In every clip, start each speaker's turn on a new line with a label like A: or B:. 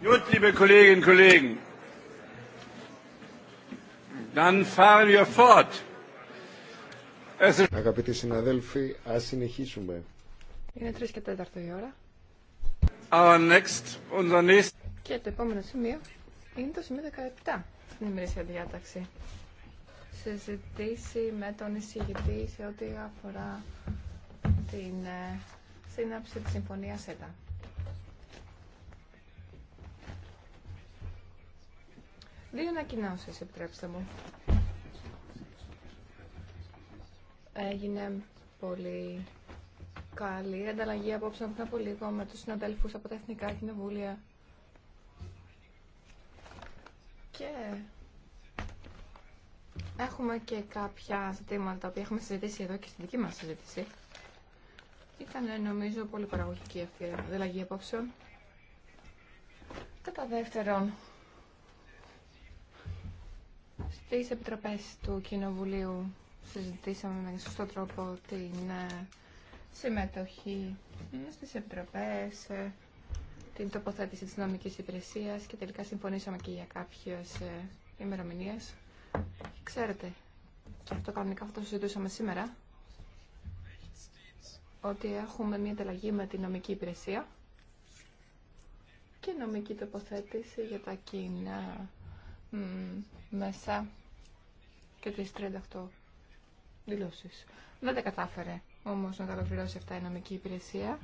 A: Gut, liebe Kolleginnen und Kollegen,
B: dann fahren wir fort. Es... Αγαπητοί συναδέλφοι, ας συνεχίσουμε.
C: Είναι 3 και 4 η ώρα.
B: Our next, unser next...
C: Και το επόμενο σημείο είναι το σημείο 17 στην ημερήσια διάταξη. Συζητήσει με τον εισηγητή σε ό,τι αφορά την ε, σύναψη της συμφωνίας ΕΤΑ. Δύο ανακοινώσεις, επιτρέψτε μου. Έγινε πολύ καλή ανταλλαγή απόψε πριν από λίγο με του συναντέλφου από τα Εθνικά Κοινοβούλια. Και έχουμε και κάποια ζητήματα τα οποία έχουμε συζητήσει εδώ και στην δική μα συζήτηση. Ήταν νομίζω πολύ παραγωγική αυτή η ανταλλαγή απόψεων. Κατά δεύτερον, στις επιτροπές του Κοινοβουλίου συζητήσαμε με σωστό τρόπο την ε, συμμετοχή στις επιτροπές, ε, την τοποθέτηση τη νομικής υπηρεσίας και τελικά συμφωνήσαμε και για κάποιες ε, ημερομηνίες. Ξέρετε, αυτό κανονικά αυτό το συζητούσαμε σήμερα, ότι έχουμε μια ανταλλαγή με την νομική υπηρεσία και νομική τοποθέτηση για τα κοινά μέσα και τις 38 δηλώσεις. Δεν τα κατάφερε όμως να τα ολοκληρώσει αυτά η νομική υπηρεσία.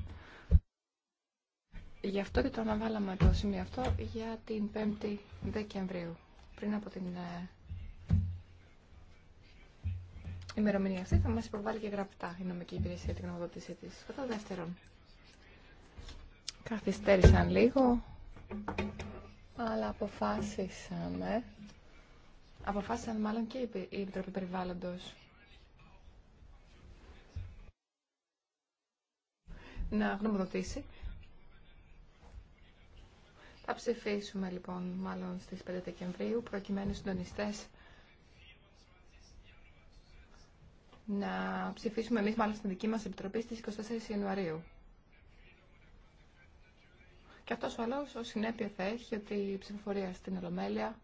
C: Γι' αυτό και το αναβάλαμε το σημείο αυτό για την 5η Δεκεμβρίου, πριν από την ε, ημερομηνία αυτή θα μας υποβάλει και γραπτά η νομική υπηρεσία την γνωμοδότησή της. Κατά δεύτερον, καθυστέρησαν λίγο αλλά αποφάσισαμε, αποφάσισαν μάλλον και η Επιτροπή Περιβάλλοντος να γνωμοδοτήσει. Θα ψηφίσουμε λοιπόν μάλλον στις 5 Δεκεμβρίου προκειμένου συντονιστές να ψηφίσουμε εμείς μάλλον στην δική μας επιτροπή στις 24 Ιανουαρίου. Και αυτός ο λόγος συνέπεια θα έχει ότι η ψηφοφορία στην Ολομέλεια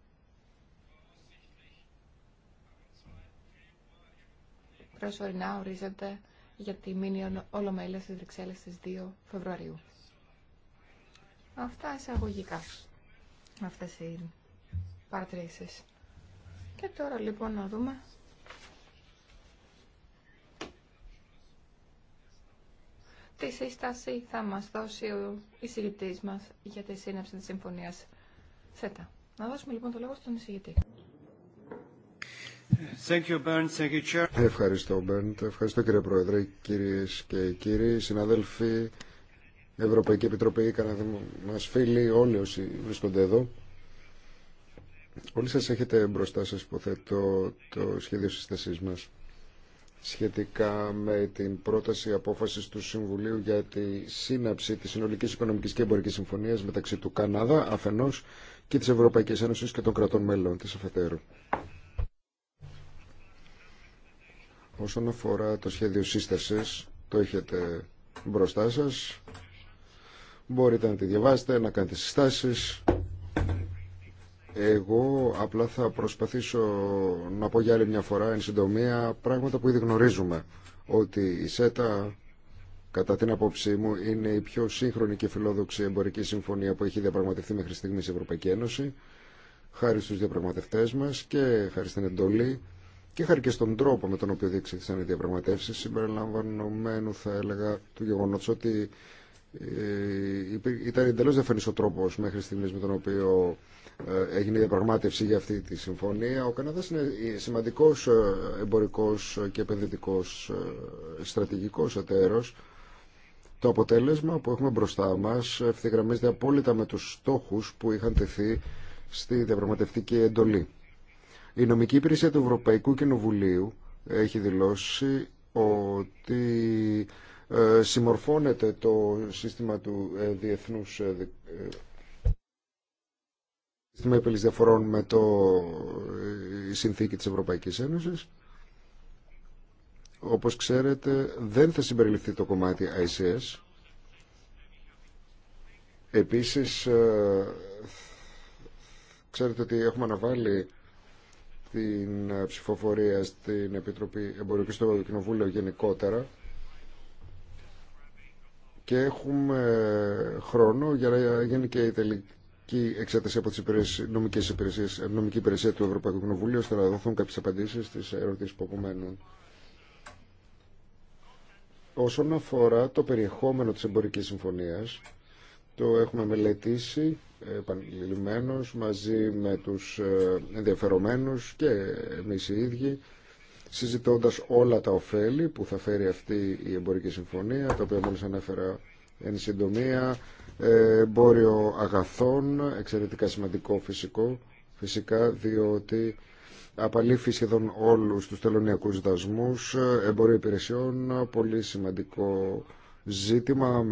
C: προσωρινά ορίζεται για τη μήνυ Ολομέλεια στις Βρυξέλλες στις 2 Φεβρουαρίου. Αυτά εισαγωγικά. Αυτές οι παρατηρήσεις. Και τώρα λοιπόν να δούμε τι σύσταση θα μας δώσει ο εισηγητής μας για τη σύναψη της συμφωνίας ΣΕΤΑ. Να δώσουμε λοιπόν το λόγο στον εισηγητή.
B: Thank you, Bernd. Thank you, Chair. Ευχαριστώ, Μπέρντ. Ευχαριστώ, κύριε Πρόεδρε, κυρίε και κύριοι, συναδέλφοι, Ευρωπαϊκή Επιτροπή, Καναδί μα φίλοι, όλοι όσοι βρίσκονται εδώ. Όλοι σας έχετε μπροστά σας, υποθέτω, το σχέδιο σύστασής μας σχετικά με την πρόταση απόφασης του Συμβουλίου για τη σύναψη της Συνολική οικονομική και εμπορική Συμφωνίας μεταξύ του Καναδά αφενός και της Ευρωπαϊκής Ένωσης και των κρατών μελών της αφετέρου. Όσον αφορά το σχέδιο σύσταση, το έχετε μπροστά σας. Μπορείτε να τη διαβάσετε, να κάνετε συστάσεις. Εγώ απλά θα προσπαθήσω να πω για άλλη μια φορά εν συντομία πράγματα που ήδη γνωρίζουμε. Ότι η ΣΕΤΑ, κατά την απόψή μου, είναι η πιο σύγχρονη και φιλόδοξη εμπορική συμφωνία που έχει διαπραγματευτεί μέχρι στιγμή η Ευρωπαϊκή Ένωση. Χάρη στου διαπραγματευτέ μα και χάρη στην εντολή και χάρη και στον τρόπο με τον οποίο διεξήχθησαν οι διαπραγματεύσει, συμπεριλαμβανομένου, θα έλεγα, του γεγονότο ότι ε, ήταν εντελώ διαφανή ο τρόπο μέχρι στιγμή με τον οποίο ε, έγινε διαπραγμάτευση για αυτή τη συμφωνία. Ο Καναδάς είναι σημαντικός ε, εμπορικός και επενδυτικός ε, στρατηγικός εταίρος. Το αποτέλεσμα που έχουμε μπροστά μας ευθυγραμμίζεται απόλυτα με τους στόχους που είχαν τεθεί στη διαπραγματευτική εντολή. Η νομική υπηρεσία του Ευρωπαϊκού Κοινοβουλίου έχει δηλώσει ότι συμμορφώνεται το σύστημα του διεθνούς σύστημα επίλυση διαφορών με το ε, συνθήκη της Ευρωπαϊκής Ένωσης. Όπως ξέρετε δεν θα συμπεριληφθεί το κομμάτι ICS. Επίσης ε, ξέρετε ότι έχουμε αναβάλει την ε, ψηφοφορία στην Επιτροπή εμπορικής στο Κοινοβούλιο γενικότερα και έχουμε χρόνο για να γίνει και η τελική και η εξέταση από τις νομικές υπηρεσίες, νομική υπηρεσία του Ευρωπαϊκού Κοινοβουλίου ώστε να δοθούν κάποιες απαντήσεις στις ερωτήσεις που απομένουν. Όσον αφορά το περιεχόμενο της εμπορικής συμφωνίας, το έχουμε μελετήσει επανειλημμένως μαζί με τους ε, ενδιαφερομένους και εμείς οι ίδιοι συζητώντας όλα τα ωφέλη που θα φέρει αυτή η εμπορική συμφωνία, τα οποία μόλις ανέφερα Εν συντομία, ε, εμπόριο αγαθών, εξαιρετικά σημαντικό φυσικό, φυσικά, διότι απαλήφει σχεδόν όλους τους τελωνιακούς δασμούς, εμπόριο υπηρεσιών, πολύ σημαντικό ζήτημα,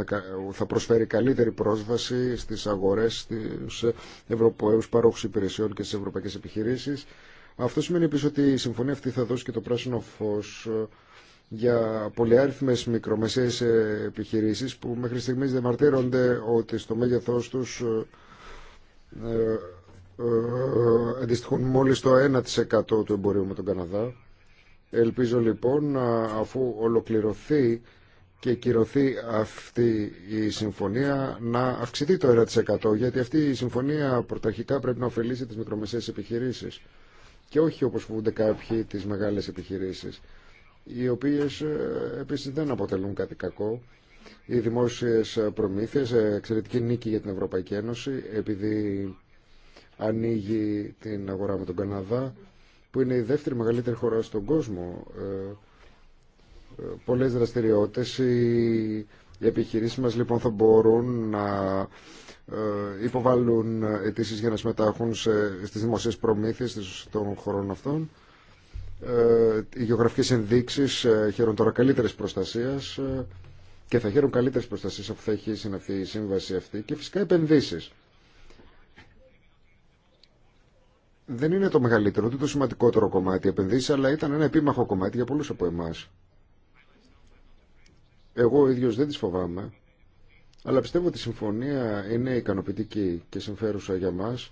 B: θα προσφέρει καλύτερη πρόσβαση στις αγορές, στις ευρωπαίους παρόχους υπηρεσιών και στις ευρωπαϊκές επιχειρήσεις. Αυτό σημαίνει επίσης ότι η συμφωνία αυτή θα δώσει και το πράσινο φως για πολυάριθμες μικρομεσαίες ε, επιχειρήσεις που μέχρι στιγμής διαμαρτύρονται ότι στο μέγεθός τους ε, ε, αντιστοιχούν μόλις το 1% του εμπορίου με τον Καναδά. Ελπίζω λοιπόν αφού ολοκληρωθεί και κυρωθεί αυτή η συμφωνία να αυξηθεί το 1% γιατί αυτή η συμφωνία πρωταρχικά πρέπει να ωφελήσει τις μικρομεσαίες επιχειρήσεις και όχι όπως φοβούνται κάποιοι τις μεγάλες επιχειρήσεις οι οποίες ε, επίσης δεν αποτελούν κάτι κακό. Οι δημόσιες προμήθειες, ε, εξαιρετική νίκη για την Ευρωπαϊκή Ένωση, επειδή ανοίγει την αγορά με τον Καναδά, που είναι η δεύτερη μεγαλύτερη χώρα στον κόσμο. Ε, πολλές δραστηριότητες, οι επιχειρήσεις μας λοιπόν θα μπορούν να υποβάλουν αιτήσει για να συμμετάχουν στις δημοσίες προμήθειες των χωρών αυτών ε, οι γεωγραφικές ενδείξεις ε, χαίρουν τώρα καλύτερης προστασίας ε, και θα χαίρουν καλύτερης προστασίας αφού θα έχει συναυθεί η σύμβαση αυτή και φυσικά επενδύσεις. Δεν είναι το μεγαλύτερο, ούτε το σημαντικότερο κομμάτι επενδύσει, αλλά ήταν ένα επίμαχο κομμάτι για πολλούς από εμάς. Εγώ ο δεν τις φοβάμαι, αλλά πιστεύω ότι η συμφωνία είναι ικανοποιητική και συμφέρουσα για μας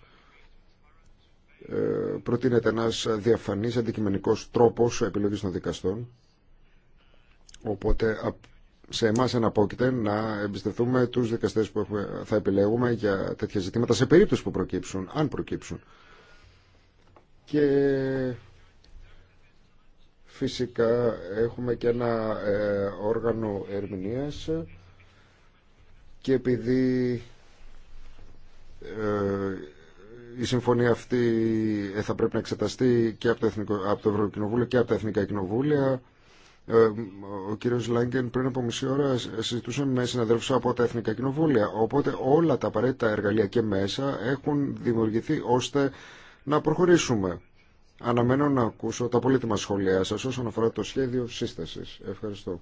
B: ε, προτείνεται ένας διαφανής αντικειμενικός τρόπος επιλογής των δικαστών. Οπότε σε εμάς αναπόκειται να εμπιστευτούμε τους δικαστές που θα επιλέγουμε για τέτοια ζητήματα σε περίπτωση που προκύψουν, αν προκύψουν. Και φυσικά έχουμε και ένα ε, όργανο ερμηνείας και επειδή ε, η συμφωνία αυτή ε, θα πρέπει να εξεταστεί και από το, Εθνικό, από το Ευρωκοινοβούλιο και από τα Εθνικά Κοινοβούλια. Ε, ο κύριος Λάγκεν πριν από μισή ώρα συζητούσε με συναδέλφους από τα Εθνικά Κοινοβούλια. Οπότε όλα τα απαραίτητα εργαλεία και μέσα έχουν δημιουργηθεί ώστε να προχωρήσουμε. Αναμένω να ακούσω τα πολύτιμα σχόλιά σας όσον αφορά το σχέδιο σύστασης. Ευχαριστώ.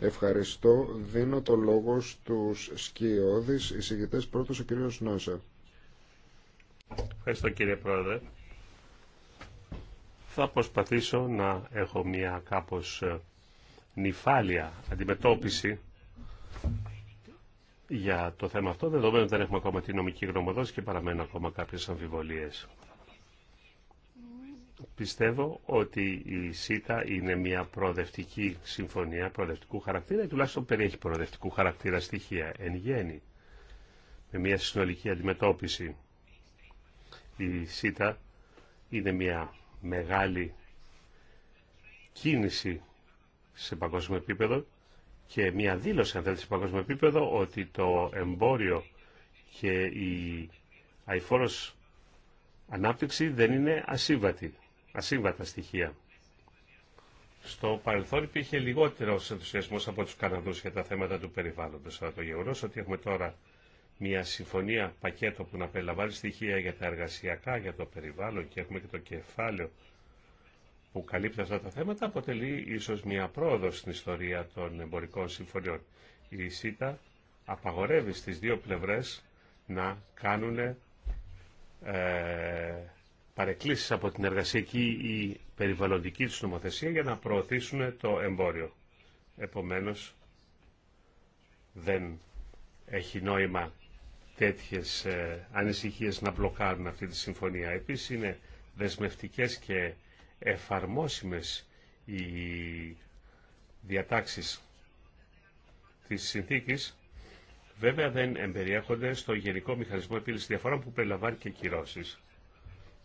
B: Ευχαριστώ. Δίνω το λόγο στους σκιώδεις εισηγητές. Πρώτος ο κύριος Νόσα.
A: Ευχαριστώ κύριε Πρόεδρε.
B: Θα προσπαθήσω
A: να έχω μια κάπως ε, νυφάλια αντιμετώπιση για το θέμα αυτό, δεδομένου ότι δεν έχουμε ακόμα τη νομική γνωμοδότηση και παραμένουν ακόμα κάποιες αμφιβολίες. Πιστεύω ότι η ΣΥΤΑ είναι μια προοδευτική συμφωνία, προοδευτικού χαρακτήρα ή τουλάχιστον περιέχει προοδευτικού χαρακτήρα στοιχεία εν γέννη, με μια συνολική αντιμετώπιση. Η ΣΥΤΑ είναι μια μεγάλη κίνηση σε παγκόσμιο επίπεδο και μια δήλωση αν θέλετε σε παγκόσμιο επίπεδο ότι το εμπόριο και η αηφόρος ανάπτυξη δεν είναι ασύμβατη ασύμβατα στοιχεία. Στο παρελθόν υπήρχε λιγότερο ενθουσιασμό από του Καναδού για τα θέματα του περιβάλλοντο. Αλλά το γεγονό ότι έχουμε τώρα μια συμφωνία πακέτο που να περιλαμβάνει στοιχεία για τα εργασιακά, για το περιβάλλον και έχουμε και το κεφάλαιο που καλύπτει αυτά τα θέματα αποτελεί ίσω μια πρόοδο στην ιστορία των εμπορικών συμφωνιών. Η ΣΥΤΑ απαγορεύει στι δύο πλευρέ να κάνουν ε, παρεκκλήσεις από την εργασιακή ή περιβαλλοντική τους νομοθεσία για να προωθήσουν το εμπόριο. Επομένως, δεν έχει νόημα τέτοιες ε, ανησυχίες να μπλοκάρουν αυτή τη συμφωνία. Επίσης, είναι δεσμευτικές και εφαρμόσιμες οι διατάξεις της συνθήκης βέβαια δεν εμπεριέχονται στο Γενικό Μηχανισμό Επίλυσης Διαφορών που περιλαμβάνει και κυρώσεις.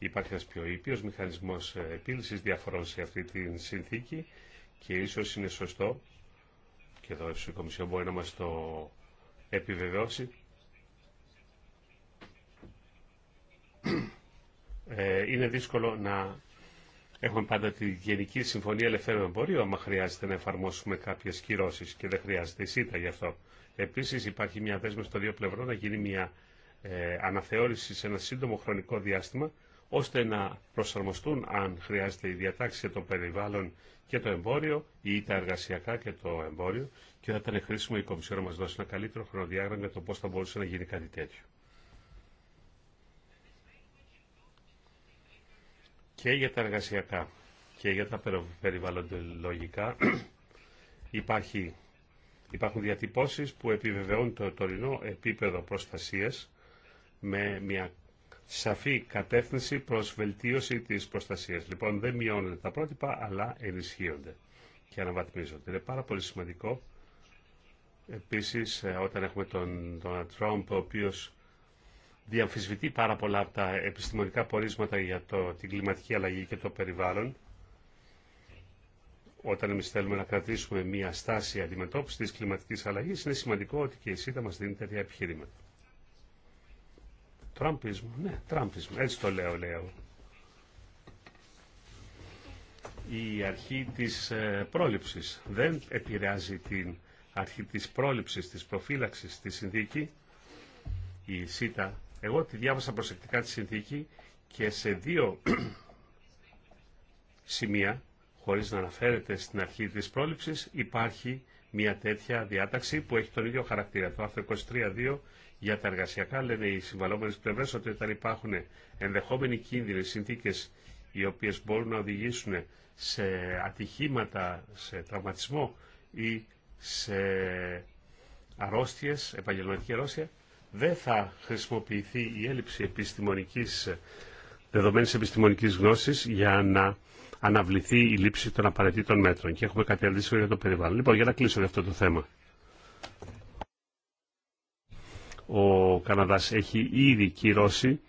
A: Υπάρχει ένας πιο ήπιος μηχανισμός ε, επίλυσης διαφορών σε αυτή τη συνθήκη και ίσως είναι σωστό και εδώ η Κομισιόν μπορεί να μας το επιβεβαιώσει ε, είναι δύσκολο να έχουμε πάντα τη Γενική Συμφωνία Ελευθέρων Εμπορίου άμα χρειάζεται να εφαρμόσουμε κάποιες κυρώσεις και δεν χρειάζεται η ΣΥΤΑ γι' αυτό. Επίσης υπάρχει μια δέσμευση των δύο πλευρών να γίνει μια ε, αναθεώρηση σε ένα σύντομο χρονικό διάστημα ώστε να προσαρμοστούν αν χρειάζεται η διατάξη για το περιβάλλον και το εμπόριο ή τα εργασιακά και το εμπόριο και θα ήταν χρήσιμο η Κομισιόρα να μας δώσει ένα καλύτερο χρονοδιάγραμμα για το πώς θα μπορούσε να γίνει κάτι τέτοιο. Και για τα εργασιακά και για τα περιβαλλοντολογικά υπάρχει, υπάρχουν διατυπώσεις που επιβεβαιώνουν το τωρινό επίπεδο προστασίας με μια σαφή κατεύθυνση προς βελτίωση της προστασίας. Λοιπόν, δεν μειώνονται τα πρότυπα, αλλά ενισχύονται και αναβαθμίζονται. Είναι πάρα πολύ σημαντικό. Επίσης, ε, όταν έχουμε τον, τον Trump, ο οποίος διαμφισβητεί πάρα πολλά από τα επιστημονικά πορίσματα για το, την κλιματική αλλαγή και το περιβάλλον, όταν εμεί θέλουμε να κρατήσουμε μια στάση αντιμετώπιση τη κλιματική αλλαγή, είναι σημαντικό ότι και η ΣΥΤΑ μα δίνει τέτοια επιχείρηματα. Τραμπισμό, ναι, τραμπισμό, έτσι το λέω, λέω. Η αρχή της ε, πρόληψης δεν επηρεάζει την αρχή της πρόληψης, της προφύλαξης της συνθήκη, η ΣΥΤΑ. Εγώ τη διάβασα προσεκτικά τη συνθήκη και σε δύο σημεία, χωρίς να αναφέρεται στην αρχή της πρόληψης, υπάρχει μια τέτοια διάταξη που έχει τον ίδιο χαρακτήρα, το άρθρο 23.2 για τα εργασιακά λένε οι συμβαλόμενες πλευρές ότι όταν υπάρχουν ενδεχόμενοι κίνδυνοι συνθήκες οι οποίες μπορούν να οδηγήσουν σε ατυχήματα, σε τραυματισμό ή σε αρρώστιες, επαγγελματική αρρώστια, δεν θα χρησιμοποιηθεί η έλλειψη επιστημονικής, δεδομένης επιστημονικής γνώσης για να αναβληθεί η λήψη των απαραίτητων μέτρων. Και έχουμε κάτι αντίστοιχο για το περιβάλλον. Λοιπόν, για να κλείσω αυτό το θέμα. Ο Καναδάς έχει ήδη κυρώσει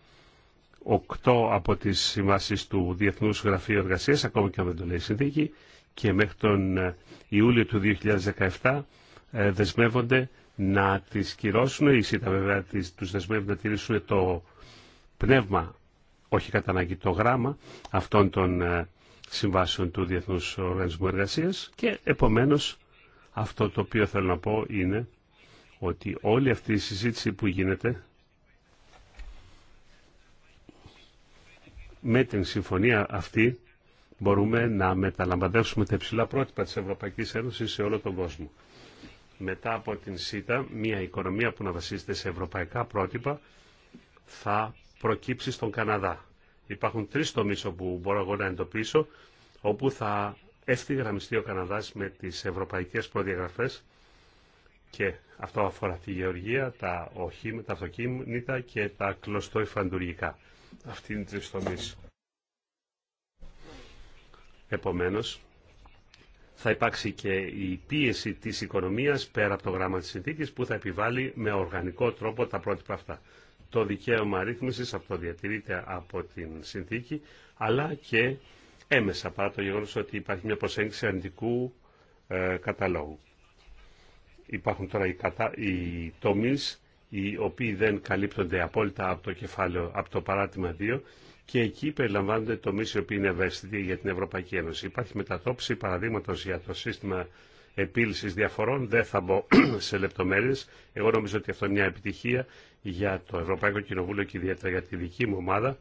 A: οκτώ από τις συμβάσεις του Διεθνούς Γραφείου Εργασίας, ακόμα και αν δεν το λέει συνθήκη, και μέχρι τον ε, Ιούλιο του 2017 ε, δεσμεύονται να τις κυρώσουν. Η ΣΥΤΑ βέβαια τους δεσμεύει να τηρήσουν το πνεύμα, όχι κατά ανάγκη το γράμμα, αυτών των ε, συμβάσεων του Διεθνούς Οργανισμού Εργασίας και επομένως αυτό το οποίο θέλω να πω είναι ότι όλη αυτή η συζήτηση που γίνεται με την συμφωνία αυτή μπορούμε να μεταλαμπαδεύσουμε τα υψηλά πρότυπα της Ευρωπαϊκής Ένωσης σε όλο τον κόσμο. Μετά από την ΣΥΤΑ, μια οικονομία που να βασίζεται σε ευρωπαϊκά πρότυπα θα προκύψει στον Καναδά. Υπάρχουν τρεις τομείς όπου μπορώ εγώ να εντοπίσω, όπου θα ευθυγραμμιστεί ο Καναδάς με τις ευρωπαϊκές προδιαγραφές και αυτό αφορά τη γεωργία, τα οχήματα, τα αυτοκίνητα και τα υφαντουργικά. Αυτή είναι τρεις τομείς. Επομένως, θα υπάρξει και η πίεση της οικονομίας πέρα από το γράμμα της συνθήκης που θα επιβάλλει με οργανικό τρόπο τα πρότυπα αυτά. Το δικαίωμα ρύθμισης αυτό διατηρείται από την συνθήκη, αλλά και έμεσα παρά το γεγονός ότι υπάρχει μια προσέγγιση αρνητικού ε, καταλόγου. Υπάρχουν τώρα οι, κατα... οι τομείς οι οποίοι δεν καλύπτονται απόλυτα από το κεφάλαιο, από το παράτημα 2 και εκεί περιλαμβάνονται τομείς οι οποίοι είναι ευαίσθητοι για την Ευρωπαϊκή Ένωση. Υπάρχει μετατόπιση παραδείγματο για το σύστημα επίλυσης διαφορών. Δεν θα μπω σε λεπτομέρειες. Εγώ νομίζω ότι αυτό είναι μια επιτυχία για το Ευρωπαϊκό Κοινοβούλιο και ιδιαίτερα για τη δική μου ομάδα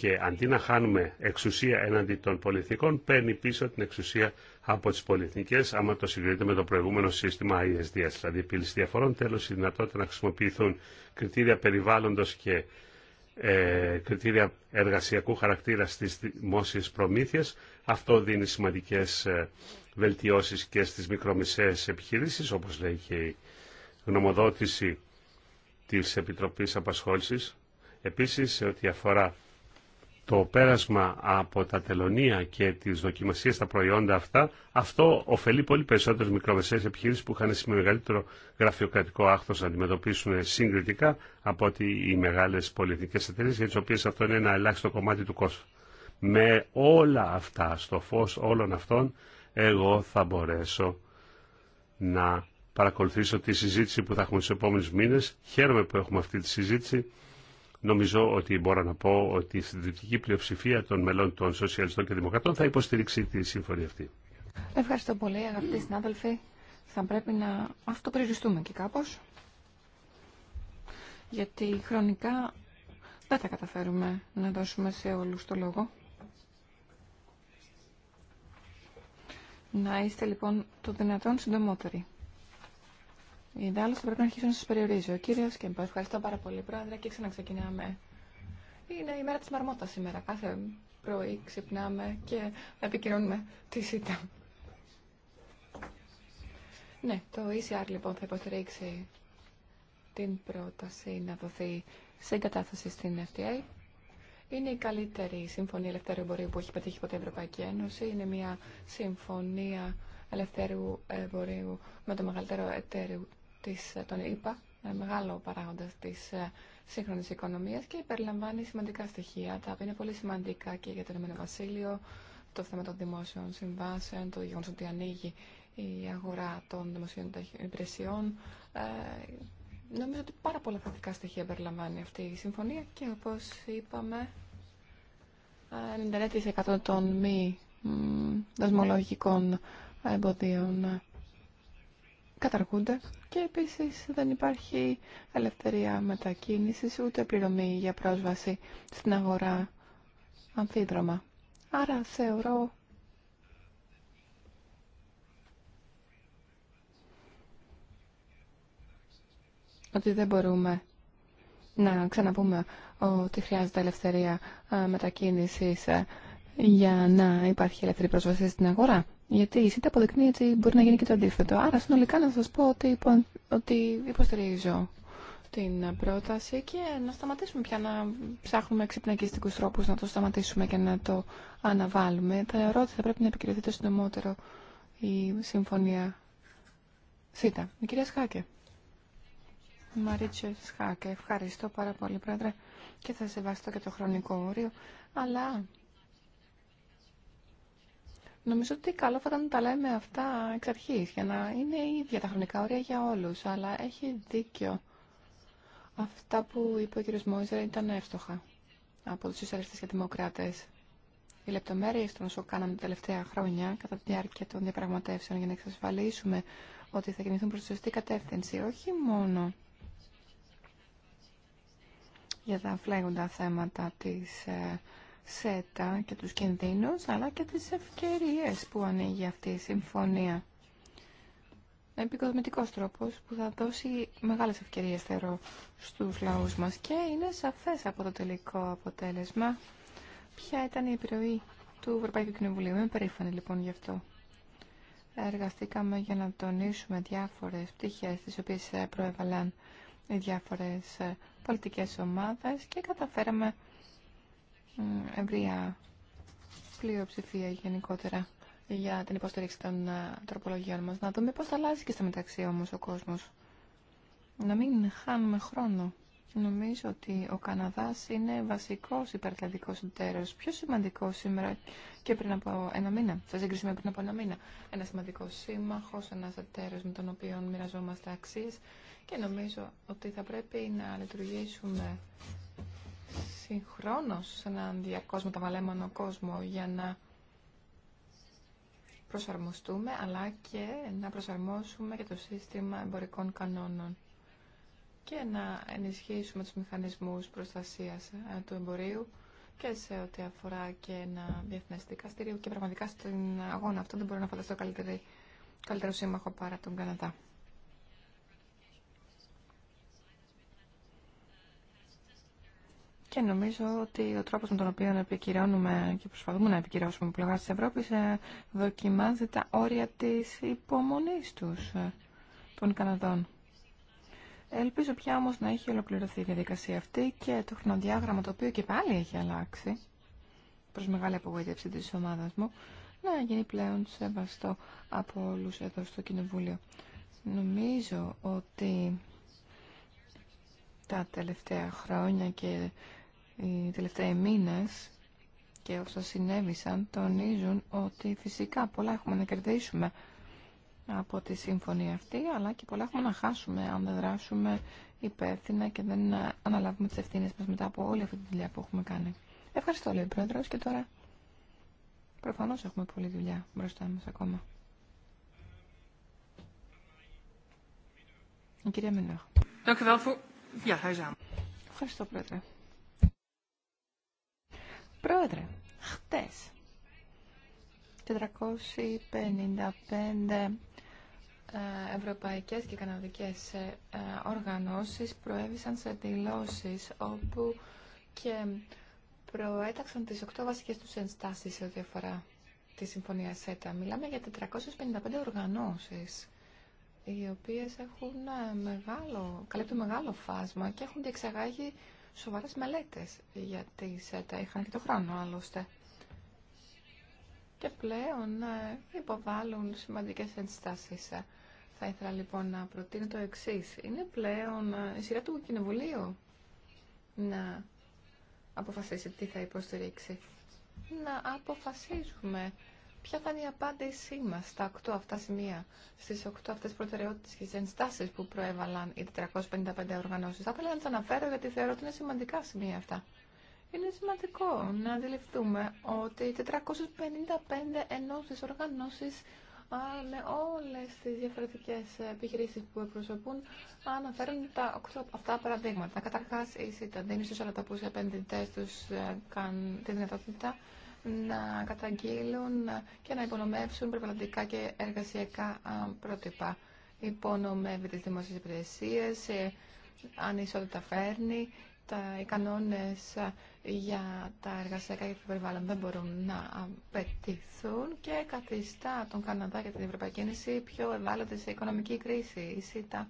A: και αντί να χάνουμε εξουσία έναντι των πολιτικών, παίρνει πίσω την εξουσία από τι πολιτικές άμα το συγκρίνεται με το προηγούμενο σύστημα ISDS, δηλαδή επίλυση διαφορών, τέλο η δυνατότητα να χρησιμοποιηθούν κριτήρια περιβάλλοντο και ε, κριτήρια εργασιακού χαρακτήρα στις δημόσιε προμήθειε. Αυτό δίνει σημαντικές ε, βελτιώσει και στι μικρομεσαίε επιχειρήσει, όπω λέει και η γνωμοδότηση τη επιτροπή απασχόληση. Επίση, σε ό,τι αφορά το πέρασμα από τα τελωνία και τι δοκιμασίε στα προϊόντα αυτά, αυτό ωφελεί πολύ περισσότερε μικρομεσαίε επιχείρησει που είχαν σε μεγαλύτερο γραφειοκρατικό άχθος να αντιμετωπίσουν συγκριτικά από ότι οι μεγάλε πολιτικές εταιρείε, για τι οποίε αυτό είναι ένα ελάχιστο κομμάτι του κόσμου. Με όλα αυτά, στο φω όλων αυτών, εγώ θα μπορέσω να παρακολουθήσω τη συζήτηση που θα έχουμε στου επόμενους μήνες. Χαίρομαι που έχουμε αυτή τη συζήτηση Νομίζω ότι μπορώ να πω ότι η συντηρητική πλειοψηφία των μελών των Σοσιαλιστών και Δημοκρατών θα υποστηρίξει τη σύμφωνη αυτή.
C: Ευχαριστώ πολύ αγαπητοί συνάδελφοι. Θα πρέπει να αυτοπεριοριστούμε και κάπως. Γιατί χρονικά δεν θα καταφέρουμε να δώσουμε σε όλους το λόγο. Να είστε λοιπόν το δυνατόν συντομότεροι. Ιδάλλω θα πρέπει να αρχίσω να σα περιορίζω. Ο κύριο Κέμπα, ευχαριστώ πάρα πολύ, Πρόεδρε, και ξαναξεκινάμε. Είναι η μέρα τη μαρμότα σήμερα. Κάθε πρωί ξυπνάμε και επικοινωνούμε τη ΣΥΤΑ. Ναι, το ECR λοιπόν θα υποστηρίξει την πρόταση να δοθεί σε εγκατάσταση στην FTA. Είναι η καλύτερη συμφωνία ελευθέρου εμπορίου που έχει πετύχει ποτέ η Ευρωπαϊκή Ένωση. Είναι μια συμφωνία ελευθέρου εμπορίου με το μεγαλύτερο εταίριο της, ε, των ΗΠΑ, μεγάλο παράγοντας της ε, σύγχρονης οικονομίας και περιλαμβάνει σημαντικά στοιχεία, τα οποία είναι πολύ σημαντικά και για το Ηνωμένο Βασίλειο, το θέμα των δημόσιων συμβάσεων, το γεγονό ότι ανοίγει η αγορά των δημοσίων υπηρεσιών. Ε, νομίζω ότι πάρα πολλά θετικά στοιχεία περιλαμβάνει αυτή η συμφωνία και όπως είπαμε ε, 99% των μη δοσμολογικών εμποδίων καταργούνται και επίσης δεν υπάρχει ελευθερία μετακίνησης ούτε πληρωμή για πρόσβαση στην αγορά αμφίδρομα. Άρα θεωρώ ότι δεν μπορούμε να ξαναπούμε ότι χρειάζεται ελευθερία ε, μετακίνησης ε, για να υπάρχει ελεύθερη πρόσβαση στην αγορά. Γιατί η ΣΥΤΑ αποδεικνύει ότι μπορεί να γίνει και το αντίθετο. Άρα συνολικά να σας πω ότι, ότι υποστηρίζω την πρόταση και να σταματήσουμε πια να ψάχνουμε εξυπνακιστικούς τρόπους να το σταματήσουμε και να το αναβάλουμε. Θεωρώ ότι θα πρέπει να επικυρωθεί το συντομότερο η συμφωνία ΣΥΤΑ. Η κυρία Σχάκε. Μαρίτσε Σχάκε. Ευχαριστώ πάρα πολύ, Πρόεδρε. Και θα σεβαστώ και το χρονικό όριο. Αλλά Νομίζω ότι καλό θα ήταν να τα λέμε αυτά εξ αρχή για να είναι ίδια τα χρονικά όρια για όλου. Αλλά έχει δίκιο. Αυτά που είπε ο κ. Μόιζερ ήταν εύστοχα από του σοσιαλιστέ και δημοκράτε. Οι λεπτομέρειε των όσων κάναμε τα τελευταία χρόνια κατά τη διάρκεια των διαπραγματεύσεων για να εξασφαλίσουμε ότι θα κινηθούν προ τη σωστή κατεύθυνση, όχι μόνο για τα φλέγοντα θέματα της ε, ΣΕΤΑ και τους κινδύνους, αλλά και τις ευκαιρίες που ανοίγει αυτή η συμφωνία. Επικοδομητικός τρόπος που θα δώσει μεγάλες ευκαιρίες, θεωρώ, στους λαούς μας και είναι σαφές από το τελικό αποτέλεσμα ποια ήταν η επιρροή του Ευρωπαϊκού Κοινοβουλίου. Είμαι περήφανη λοιπόν γι' αυτό. Εργαστήκαμε για να τονίσουμε διάφορες πτυχές τις οποίες προέβαλαν οι διάφορες πολιτικές ομάδες και καταφέραμε ευρεία πλειοψηφία γενικότερα για την υποστήριξη των ε, τροπολογιών μας. Να δούμε πώς θα αλλάζει και στα μεταξύ όμως ο κόσμος. Να μην χάνουμε χρόνο. Νομίζω ότι ο Καναδάς είναι βασικός υπερκαδικός εταίρος, πιο σημαντικό σήμερα και πριν από ένα μήνα. Σας έγκρισουμε πριν από ένα μήνα. Ένα σημαντικό σύμμαχος, ένα εταίρος με τον οποίο μοιραζόμαστε αξίες και νομίζω ότι θα πρέπει να λειτουργήσουμε συγχρόνως σε έναν διακόσμο ταβαλέμανο κόσμο για να προσαρμοστούμε αλλά και να προσαρμόσουμε και το σύστημα εμπορικών κανόνων και να ενισχύσουμε τους μηχανισμούς προστασίας ε, του εμπορίου και σε ό,τι αφορά και ένα διεθνές δικαστήριο και πραγματικά στον αγώνα αυτό δεν μπορώ να φανταστώ καλύτερο σύμμαχο παρά τον Καναδά. Και νομίζω ότι ο τρόπος με τον οποίο επικυρώνουμε και προσπαθούμε να επικυρώσουμε πλευρά της Ευρώπης ε, δοκιμάζει τα όρια της υπομονής τους ε, των Καναδών. Ελπίζω πια όμως να έχει ολοκληρωθεί η διαδικασία αυτή και το χρονοδιάγραμμα το οποίο και πάλι έχει αλλάξει προς μεγάλη απογοήτευση της ομάδας μου να γίνει πλέον σεβαστό από όλους εδώ στο Κοινοβούλιο. Νομίζω ότι τα τελευταία χρόνια και οι τελευταίοι μήνες και όσα συνέβησαν τονίζουν ότι φυσικά πολλά έχουμε να κερδίσουμε από τη σύμφωνη αυτή, αλλά και πολλά έχουμε να χάσουμε αν δεν δράσουμε υπεύθυνα και δεν αναλάβουμε τις ευθύνες μας μετά από όλη αυτή τη δουλειά που έχουμε κάνει. Ευχαριστώ, λέει ο Πρόεδρος, και τώρα προφανώς έχουμε πολλή δουλειά μπροστά μας ακόμα. Ευχαριστώ, Πρόεδρε. Πρόεδρε, χτες 455 ε, ευρωπαϊκές και καναδικές ε, ε, οργανώσεις προέβησαν σε δηλώσει όπου και προέταξαν τις οκτώ βασικές τους ενστάσεις σε ό,τι αφορά τη Συμφωνία ΣΕΤΑ. Μιλάμε για 455 οργανώσεις οι οποίες έχουν μεγάλο, καλύπτουν μεγάλο φάσμα και έχουν διεξαγάγει σοβαρές μελέτες για τις τα Είχαν και το χρόνο άλλωστε. Και πλέον ε, υποβάλλουν σημαντικές ενστάσεις. Ε, θα ήθελα λοιπόν να προτείνω το εξή. Είναι πλέον ε, η σειρά του Κοινοβουλίου να αποφασίσει τι θα υποστηρίξει. Να αποφασίσουμε Ποια θα είναι η απάντησή μα στα 8 αυτά σημεία, στι 8 αυτέ προτεραιότητε και τι ενστάσει που προέβαλαν οι 455 οργανώσει. Θα ήθελα να τα αναφέρω γιατί θεωρώ ότι είναι σημαντικά σημεία αυτά. Είναι σημαντικό να αντιληφθούμε ότι οι 455 ενώσει οργανώσει με όλε τι διαφορετικέ επιχειρήσει που εκπροσωπούν αναφέρουν τα 8 αυτά παραδείγματα. Καταρχά η ΣΥΤΑ δίνει στου αλλαταπούς επενδυτές τους ε, τη δυνατότητα να καταγγείλουν και να υπονομεύσουν περιβαλλοντικά και εργασιακά πρότυπα. Υπονομεύει τις δημόσιες υπηρεσίες, ε, ισότητα φέρνει, τα, οι κανόνες για τα εργασιακά και το περιβάλλον δεν μπορούν να απαιτηθούν και καθιστά τον Καναδά και την Ευρωπαϊκή Ένωση πιο ευάλωτη σε οικονομική κρίση. Η ΣΥΤΑ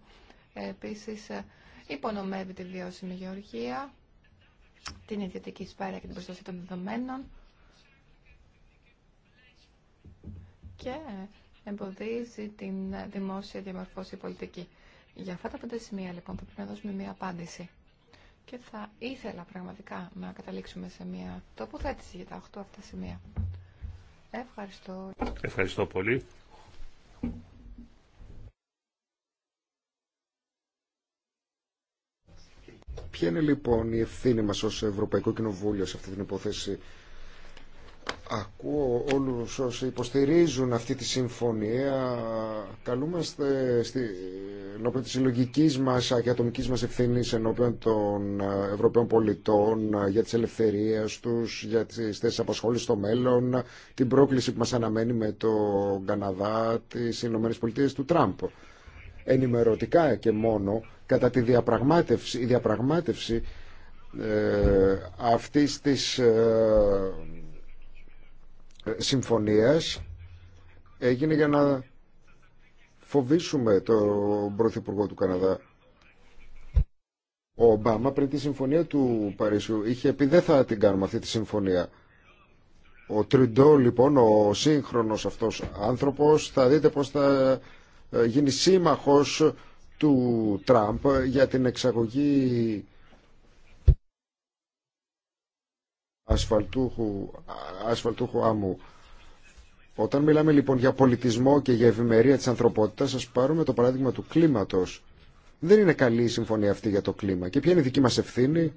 C: ε, επίσης ε, υπονομεύει τη βιώσιμη γεωργία, την ιδιωτική σφαίρα και την προστασία των δεδομένων και εμποδίζει την δημόσια διαμορφώση πολιτική. Για αυτά τα πέντε σημεία λοιπόν θα πρέπει να δώσουμε μια απάντηση. Και θα ήθελα πραγματικά να καταλήξουμε σε μια τοποθέτηση για τα οχτώ αυτά σημεία. Ευχαριστώ.
A: Ευχαριστώ πολύ.
B: Ποια είναι λοιπόν η ευθύνη μας ως Ευρωπαϊκό Κοινοβούλιο σε αυτή την υπόθεση ακούω όλους όσοι υποστηρίζουν αυτή τη συμφωνία καλούμαστε στη, ενώπιον της συλλογική μας και ατομικής μας ευθύνης ενώπιον των ε, Ευρωπαίων πολιτών ε, για τις ελευθερίες τους, για τις θέσεις απασχόλησης στο μέλλον, την πρόκληση που μας αναμένει με το Καναδά, τις ΗΠΑ του Τραμπ. Ενημερωτικά και μόνο, κατά τη διαπραγμάτευση, η διαπραγμάτευση ε, αυτής της ε, συμφωνίας έγινε για να φοβήσουμε τον Πρωθυπουργό του Καναδά. Ο Ομπάμα πριν τη συμφωνία του Παρίσιου είχε πει δεν θα την κάνουμε αυτή τη συμφωνία. Ο Τριντό λοιπόν, ο σύγχρονος αυτός άνθρωπος, θα δείτε πώς θα ε, γίνει σύμμαχος του Τραμπ για την εξαγωγή ασφαλτούχου, ασφαλτούχου άμμου. Όταν μιλάμε λοιπόν για πολιτισμό και για ευημερία της ανθρωπότητας, σας πάρουμε το παράδειγμα του κλίματος. Δεν είναι καλή η συμφωνία αυτή για το κλίμα. Και ποια είναι η δική μας ευθύνη.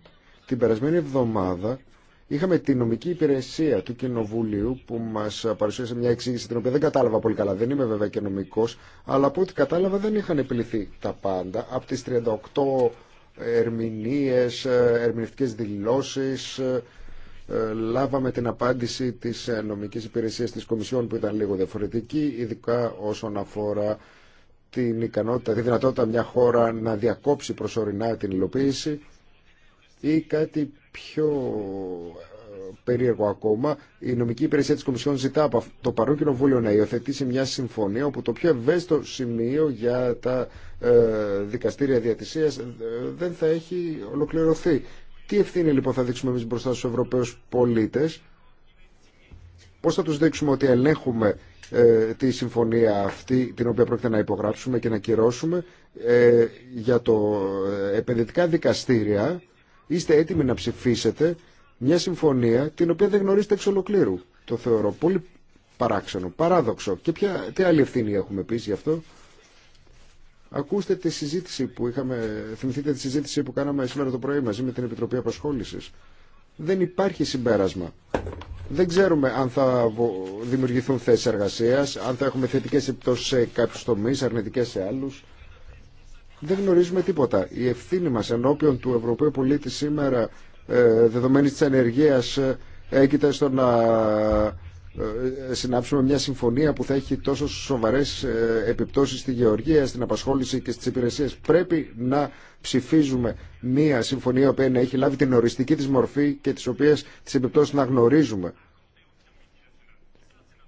B: Την περασμένη εβδομάδα είχαμε τη νομική υπηρεσία του Κοινοβουλίου που μας παρουσίασε μια εξήγηση την οποία δεν κατάλαβα πολύ καλά. Δεν είμαι βέβαια και νομικός, αλλά από ό,τι κατάλαβα δεν είχαν επιληθεί τα πάντα. Από τις 38 ερμηνείες, ε, ερμηνευτικές δηλώσεις, ε, ε, λάβαμε την απάντηση της ε, νομικής υπηρεσίας της Κομισιόν που ήταν λίγο διαφορετική, ειδικά όσον αφορά την ικανότητα, τη δυνατότητα μια χώρα να διακόψει προσωρινά την υλοποίηση ή κάτι πιο ε, περίεργο ακόμα. Η νομική υπηρεσία της Κομισιόν ζητά από το παρόν κοινοβούλιο να υιοθετήσει μια συμφωνία όπου το πιο ευαίσθητο σημείο για τα δικαστήρια διατησίας δεν θα έχει ολοκληρωθεί. Τι ευθύνη λοιπόν θα δείξουμε εμείς μπροστά στους Ευρωπαίους πολίτες, πώς θα τους δείξουμε ότι ελέγχουμε ε, τη συμφωνία αυτή την οποία πρόκειται να υπογράψουμε και να κυρώσουμε ε, για το ε, επενδυτικά δικαστήρια είστε έτοιμοι να ψηφίσετε μια συμφωνία την οποία δεν γνωρίζετε εξ ολοκλήρου. Το θεωρώ πολύ παράξενο, παράδοξο. Και τι άλλη ευθύνη έχουμε πει γι' αυτό. Ακούστε τη συζήτηση που είχαμε, θυμηθείτε τη συζήτηση που κάναμε σήμερα το πρωί μαζί με την Επιτροπή Απασχόλησης. Δεν υπάρχει συμπέρασμα. Δεν ξέρουμε αν θα δημιουργηθούν θέσεις εργασίας, αν θα έχουμε θετικές επιπτώσεις σε κάποιους τομείς, αρνητικές σε άλλους. Δεν γνωρίζουμε τίποτα. Η ευθύνη μας ενώπιον του Ευρωπαίου πολίτη σήμερα, ε, δεδομένης της ανεργίας, ε, έγκυται στο να ε, συνάψουμε μια συμφωνία που θα έχει τόσο σοβαρές ε, επιπτώσεις στη γεωργία, στην απασχόληση και στις υπηρεσίες. Πρέπει να ψηφίζουμε μια συμφωνία που έχει λάβει την οριστική της μορφή και τις οποίες τις επιπτώσεις να γνωρίζουμε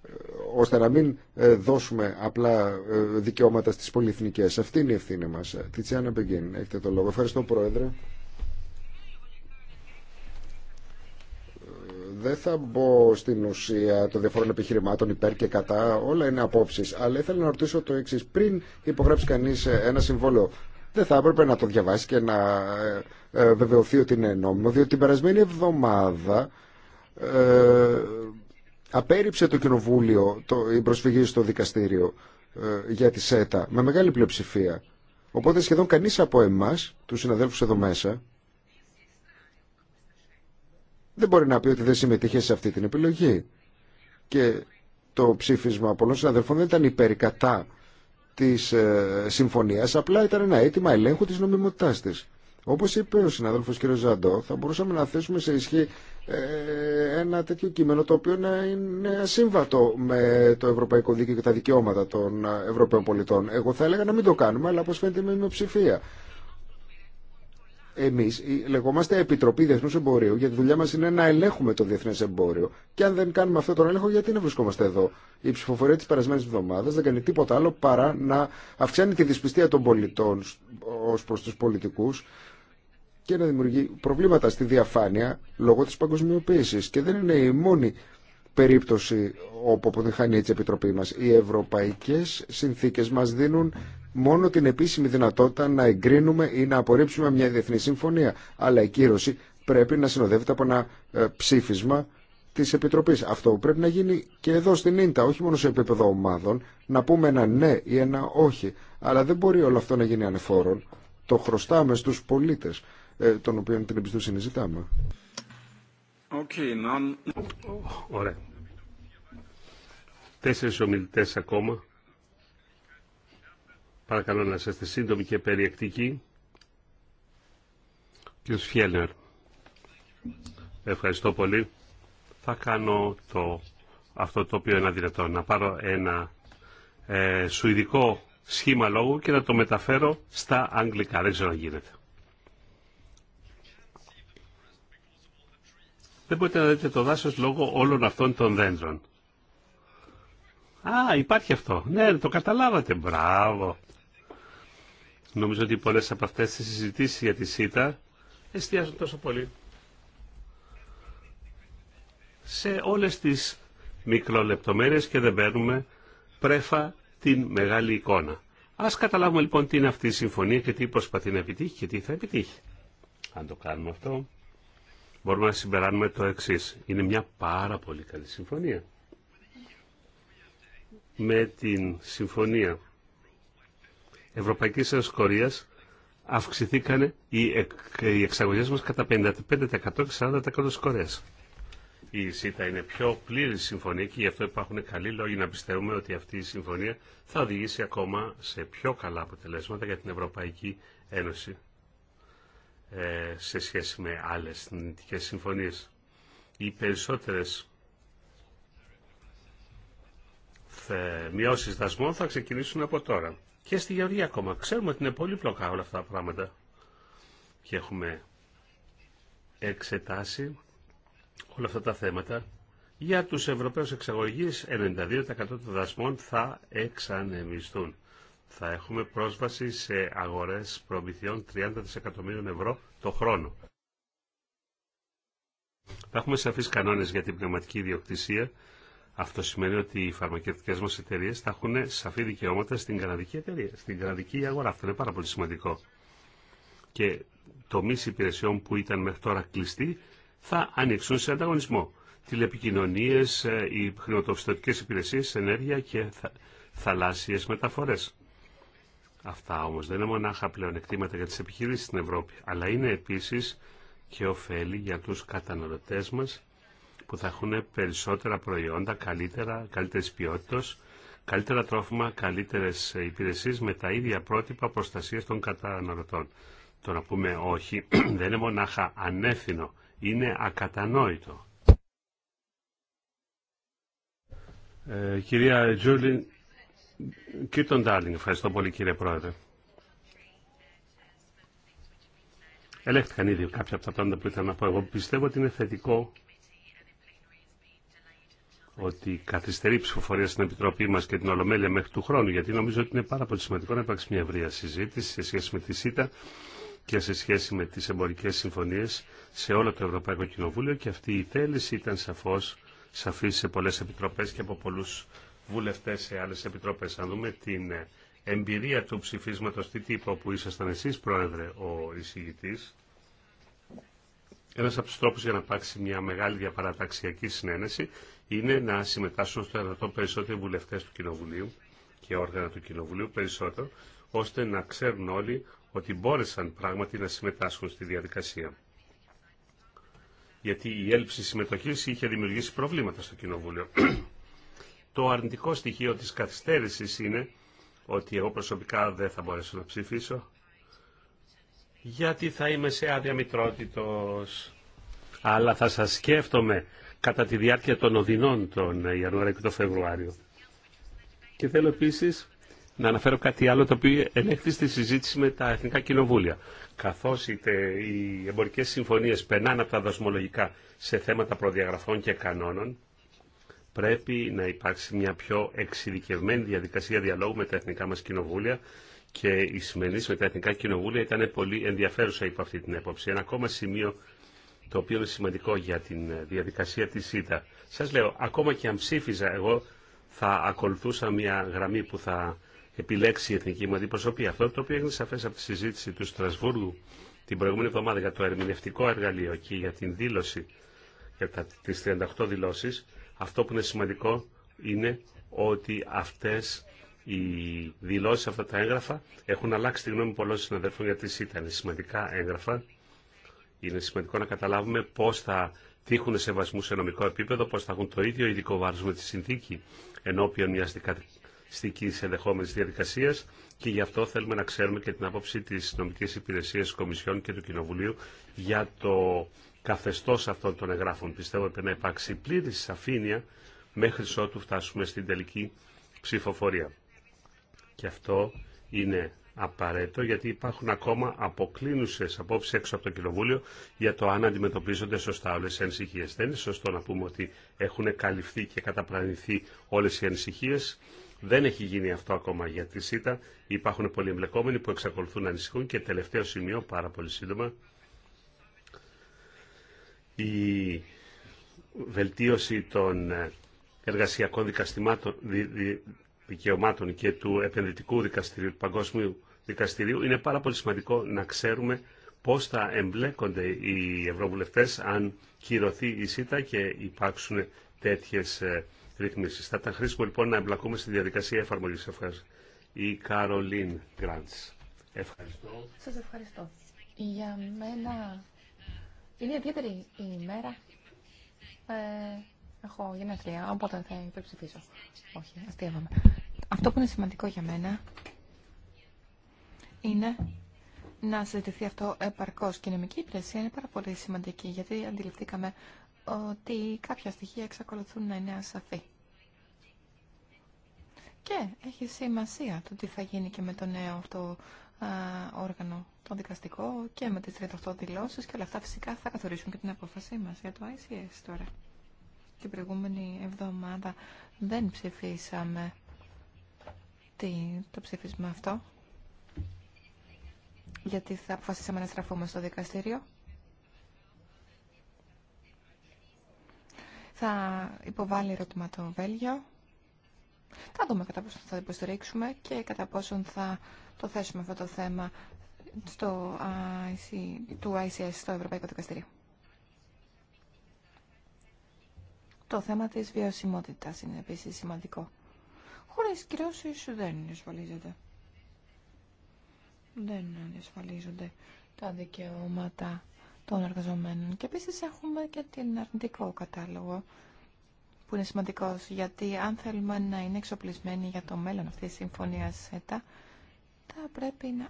B: ε, ώστε να μην δώσουμε απλά δικαιώματα στις πολυεθνικές. Αυτή είναι η ευθύνη μας. Τιτσιάνα Μπεγκίν, έχετε το λόγο. Ευχαριστώ Πρόεδρε. Δεν θα μπω στην ουσία των διαφορών επιχειρημάτων υπέρ και κατά, όλα είναι απόψει. Αλλά ήθελα να ρωτήσω το εξή. Πριν υπογράψει κανεί ε, ένα συμβόλαιο, δεν θα έπρεπε να το διαβάσει και να ε, ε, βεβαιωθεί ότι είναι νόμιμο, διότι την περασμένη εβδομάδα ε, απέρριψε το Κοινοβούλιο το, η προσφυγή στο δικαστήριο για τη ΣΕΤΑ με μεγάλη πλειοψηφία. Οπότε σχεδόν κανεί από εμά, τους συναδέλφους εδώ μέσα, δεν μπορεί να πει ότι δεν συμμετείχε σε αυτή την επιλογή. Και το ψήφισμα πολλών συναδελφών δεν ήταν υπέρ κατά της ε, συμφωνία, απλά ήταν ένα αίτημα ελέγχου τη νομιμότητά τη. Όπω είπε ο συνάδελφο κ. Ζαντό, θα μπορούσαμε να θέσουμε σε ισχύ ε, ένα τέτοιο κείμενο το οποίο να είναι ασύμβατο με το Ευρωπαϊκό Δίκαιο και τα δικαιώματα των ε, Ευρωπαίων πολιτών. Εγώ θα έλεγα να μην το κάνουμε, αλλά όπω φαίνεται με μειοψηφία. Εμεί λεγόμαστε Επιτροπή διεθνού Εμπορίου γιατί η δουλειά μα είναι να ελέγχουμε το διεθνέ εμπόριο και αν δεν κάνουμε αυτό τον έλεγχο γιατί να βρισκόμαστε εδώ. Η ψηφοφορία τη περασμένη εβδομάδα δεν κάνει τίποτα άλλο παρά να αυξάνει τη δυσπιστία των πολιτών ω προ του πολιτικού και να δημιουργεί προβλήματα στη διαφάνεια λόγω τη παγκοσμιοποίηση. και δεν είναι η μόνη περίπτωση όπου αποτυγχάνει έτσι η Επιτροπή μας. Οι ευρωπαϊκές συνθήκες μας δίνουν μόνο την επίσημη δυνατότητα να εγκρίνουμε ή να απορρίψουμε μια διεθνή συμφωνία. Αλλά η κύρωση πρέπει να συνοδεύεται από ένα ε, ψήφισμα τη Επιτροπή. Αυτό πρέπει να γίνει και εδώ στην ΙΝΤΑ, όχι μόνο σε επίπεδο ομάδων, να πούμε ένα ναι ή ένα όχι. Αλλά δεν μπορεί όλο αυτό να γίνει ανεφόρον. Το χρωστάμε στου πολίτε, ε, των οποίων την εμπιστοσύνη ζητάμε. Okay,
A: ομιλητέ ακόμα. Παρακαλώ να είστε σύντομοι και περιεκτικοί. Κ. Φιέλνερ, ευχαριστώ πολύ. Θα κάνω το, αυτό το οποίο είναι αδυνατό. Να πάρω ένα ε, σουηδικό σχήμα λόγου και να το μεταφέρω στα αγγλικά. Δεν ξέρω αν γίνεται. Δεν μπορείτε να δείτε το δάσος λόγω όλων αυτών των δέντρων. Α, υπάρχει αυτό. Ναι, το καταλάβατε. Μπράβο. Νομίζω ότι πολλές από αυτές τις συζητήσεις για τη ΣΥΤΑ εστιάζουν τόσο πολύ σε όλες τις μικρολεπτομέρειες και δεν παίρνουμε πρέφα την μεγάλη εικόνα. Ας καταλάβουμε λοιπόν τι είναι αυτή η συμφωνία και τι προσπαθεί να επιτύχει και τι θα επιτύχει. Αν το κάνουμε αυτό, μπορούμε να συμπεράνουμε το εξή. Είναι μια πάρα πολύ καλή συμφωνία. Με την συμφωνία Ευρωπαϊκής Ένωσης Κορίας αυξηθήκαν οι, εκ, οι εξαγωγές μας κατά 55% και 40% σκορές. Η ΣΥΤΑ είναι πιο πλήρη συμφωνία και γι' αυτό υπάρχουν καλοί λόγοι να πιστεύουμε ότι αυτή η συμφωνία θα οδηγήσει ακόμα σε πιο καλά αποτελέσματα για την Ευρωπαϊκή Ένωση ε, σε σχέση με άλλες νητικές συμφωνίες. Οι περισσότερες μειώσεις δασμών θα ξεκινήσουν από τώρα και στη γεωργία ακόμα. Ξέρουμε ότι είναι πολύ πλοκά όλα αυτά τα πράγματα και έχουμε εξετάσει όλα αυτά τα θέματα. Για τους Ευρωπαίους εξαγωγείς, 92% των δασμών θα εξανεμιστούν. Θα έχουμε πρόσβαση σε αγορές προμηθειών 30 δισεκατομμύριων ευρώ το χρόνο. Θα έχουμε σαφείς κανόνες για την πνευματική ιδιοκτησία αυτό σημαίνει ότι οι φαρμακευτικές μας εταιρείες θα έχουν σαφή δικαιώματα στην καναδική εταιρεία, στην καναδική αγορά. Αυτό είναι πάρα πολύ σημαντικό. Και τομεί υπηρεσιών που ήταν μέχρι τώρα κλειστοί θα ανοιξούν σε ανταγωνισμό. Τηλεπικοινωνίες, ε, οι χρηματοπιστωτικές υπηρεσίες, ενέργεια και θαλάσσιες μεταφορές. Αυτά όμως δεν είναι μονάχα πλέον εκτήματα για τις επιχειρήσεις στην Ευρώπη, αλλά είναι επίσης και ωφέλη για τους καταναλωτές μας που θα έχουν περισσότερα προϊόντα, καλύτερα, καλύτερης ποιότητας, καλύτερα τρόφιμα, καλύτερες υπηρεσίες με τα ίδια πρότυπα προστασίας των καταναλωτών. Το να πούμε όχι δεν είναι μονάχα ανεύθυνο, είναι ακατανόητο. Ε, κυρία Τζούλιν τον Ντάρλινγκ, ευχαριστώ πολύ κύριε Πρόεδρε. Ελέγχθηκαν ήδη κάποια από τα πράγματα που ήθελα να πω. Εγώ πιστεύω ότι είναι θετικό ότι καθυστερεί η ψηφοφορία στην Επιτροπή μα και την Ολομέλεια μέχρι του χρόνου, γιατί νομίζω ότι είναι πάρα πολύ σημαντικό να υπάρξει μια ευρεία συζήτηση σε σχέση με τη ΣΥΤΑ και σε σχέση με τι εμπορικέ συμφωνίε σε όλο το Ευρωπαϊκό Κοινοβούλιο και αυτή η θέληση ήταν σαφώ σαφή σε πολλέ επιτροπέ και από πολλού βουλευτέ σε άλλε επιτροπέ. Αν δούμε την εμπειρία του ψηφίσματο, τι τύπο που ήσασταν εσεί, Πρόεδρε, ο εισηγητή, Ένα από του τρόπου για να υπάρξει μια μεγάλη διαπαραταξιακή συνένεση είναι να συμμετάσχουν στο περισσότερο περισσότεροι βουλευτέ του Κοινοβουλίου και όργανα του Κοινοβουλίου περισσότερο, ώστε να ξέρουν όλοι ότι μπόρεσαν πράγματι να συμμετάσχουν στη διαδικασία. Γιατί η έλλειψη συμμετοχής είχε δημιουργήσει προβλήματα στο Κοινοβούλιο. Το αρνητικό στοιχείο της καθυστέρησης είναι ότι εγώ προσωπικά δεν θα μπορέσω να ψηφίσω γιατί θα είμαι σε άδεια μητρότητος. Αλλά θα σας σκέφτομαι κατά τη διάρκεια των οδυνών τον Ιανουάριο και τον Φεβρουάριο. Και θέλω επίσης να αναφέρω κάτι άλλο το οποίο ενέχθη στη συζήτηση με τα Εθνικά Κοινοβούλια. Καθώς είτε οι εμπορικές συμφωνίες περνάνε από τα δοσμολογικά σε θέματα προδιαγραφών και κανόνων, πρέπει να υπάρξει μια πιο εξειδικευμένη διαδικασία διαλόγου με τα Εθνικά μας Κοινοβούλια και η σημερινή με τα Εθνικά Κοινοβούλια ήταν πολύ ενδιαφέρουσα υπό αυτή την έποψη. Ένα ακόμα σημείο το οποίο είναι σημαντικό για τη ε, διαδικασία της ΣΥΤΑ. Σας λέω, ακόμα και αν ψήφιζα εγώ θα ακολουθούσα μια γραμμή που θα επιλέξει η Εθνική μου Αντιπροσωπή. Αυτό το οποίο έγινε σαφές από τη συζήτηση του Στρασβούργου την προηγούμενη εβδομάδα για το ερμηνευτικό εργαλείο και για την δήλωση, για τα, τις 38 δηλώσεις, αυτό που είναι σημαντικό είναι ότι αυτές οι δηλώσεις, αυτά τα έγγραφα έχουν αλλάξει τη γνώμη πολλών συναδέλφων γιατί ήταν σημαντικά έγγραφα είναι σημαντικό να καταλάβουμε πώ θα τύχουν σεβασμού σε νομικό επίπεδο, πώ θα έχουν το ίδιο ειδικό βάρο με τη συνθήκη ενώπιον μια δικαστική ενδεχόμενη διαδικασία. και γι' αυτό θέλουμε να ξέρουμε και την άποψη τη νομική Υπηρεσία Κομισιών και του Κοινοβουλίου για το καθεστώ αυτών των εγγράφων. Πιστεύω ότι να υπάρξει πλήρη σαφήνεια μέχρι ότου φτάσουμε στην τελική ψηφοφορία. Και αυτό είναι απαραίτητο γιατί υπάρχουν ακόμα αποκλίνουσες απόψει έξω από το Κοινοβούλιο για το αν αντιμετωπίζονται σωστά όλες οι ανησυχίες. Δεν είναι σωστό να πούμε ότι έχουν καλυφθεί και καταπλανηθεί όλες οι ανησυχίες. Δεν έχει γίνει αυτό ακόμα για τη ΣΥΤΑ. Υπάρχουν πολλοί εμπλεκόμενοι που εξακολουθούν να ανησυχούν και τελευταίο σημείο, πάρα πολύ σύντομα, η βελτίωση των ε, εργασιακών δικαστημάτων, δικαιωμάτων και του επενδυτικού δικαστηρίου, του παγκόσμιου δικαστηρίου, είναι πάρα πολύ σημαντικό να ξέρουμε πώς θα εμπλέκονται οι ευρωβουλευτές αν κυρωθεί η ΣΥΤΑ και υπάρξουν τέτοιες ε, ρυθμίσεις. Θα ήταν χρήσιμο λοιπόν να εμπλακούμε στη διαδικασία εφαρμογής. Ευχαριστώ. Η Καρολίν Γκραντς. Ευχαριστώ.
C: Σας ευχαριστώ. Για μένα είναι ιδιαίτερη η ημέρα. Ε, έχω γενέθλια, οπότε θα υπερψηφίσω. Όχι, αστείευαμε. Αυτό που είναι σημαντικό για μένα είναι να συζητηθεί αυτό επαρκώς. Και η υπηρεσία είναι πάρα πολύ σημαντική, γιατί αντιληφθήκαμε ότι κάποια στοιχεία εξακολουθούν να είναι ασαφή. Και έχει σημασία το τι θα γίνει και με το νέο αυτό α, όργανο, το δικαστικό και με τις 38 δηλώσεις και όλα αυτά φυσικά θα καθορίσουν και την απόφασή μας για το ICS τώρα. Την προηγούμενη εβδομάδα δεν ψηφίσαμε το ψήφισμα αυτό. Γιατί θα αποφασίσαμε να στραφούμε στο δικαστήριο. Θα υποβάλει ερώτημα το Βέλγιο. Θα δούμε κατά πόσο θα υποστηρίξουμε και κατά πόσον θα το θέσουμε αυτό το θέμα στο του ICS, στο Ευρωπαϊκό Δικαστήριο. Το θέμα της βιωσιμότητας είναι επίσης σημαντικό. Χωρίς σου δεν ασφαλίζεται. Δεν ασφαλίζονται τα δικαιώματα των εργαζομένων. Και επίσης έχουμε και την αρνητικό κατάλογο που είναι σημαντικός γιατί αν θέλουμε να είναι εξοπλισμένοι για το μέλλον αυτής της συμφωνίας ΣΕΤΑ θα πρέπει να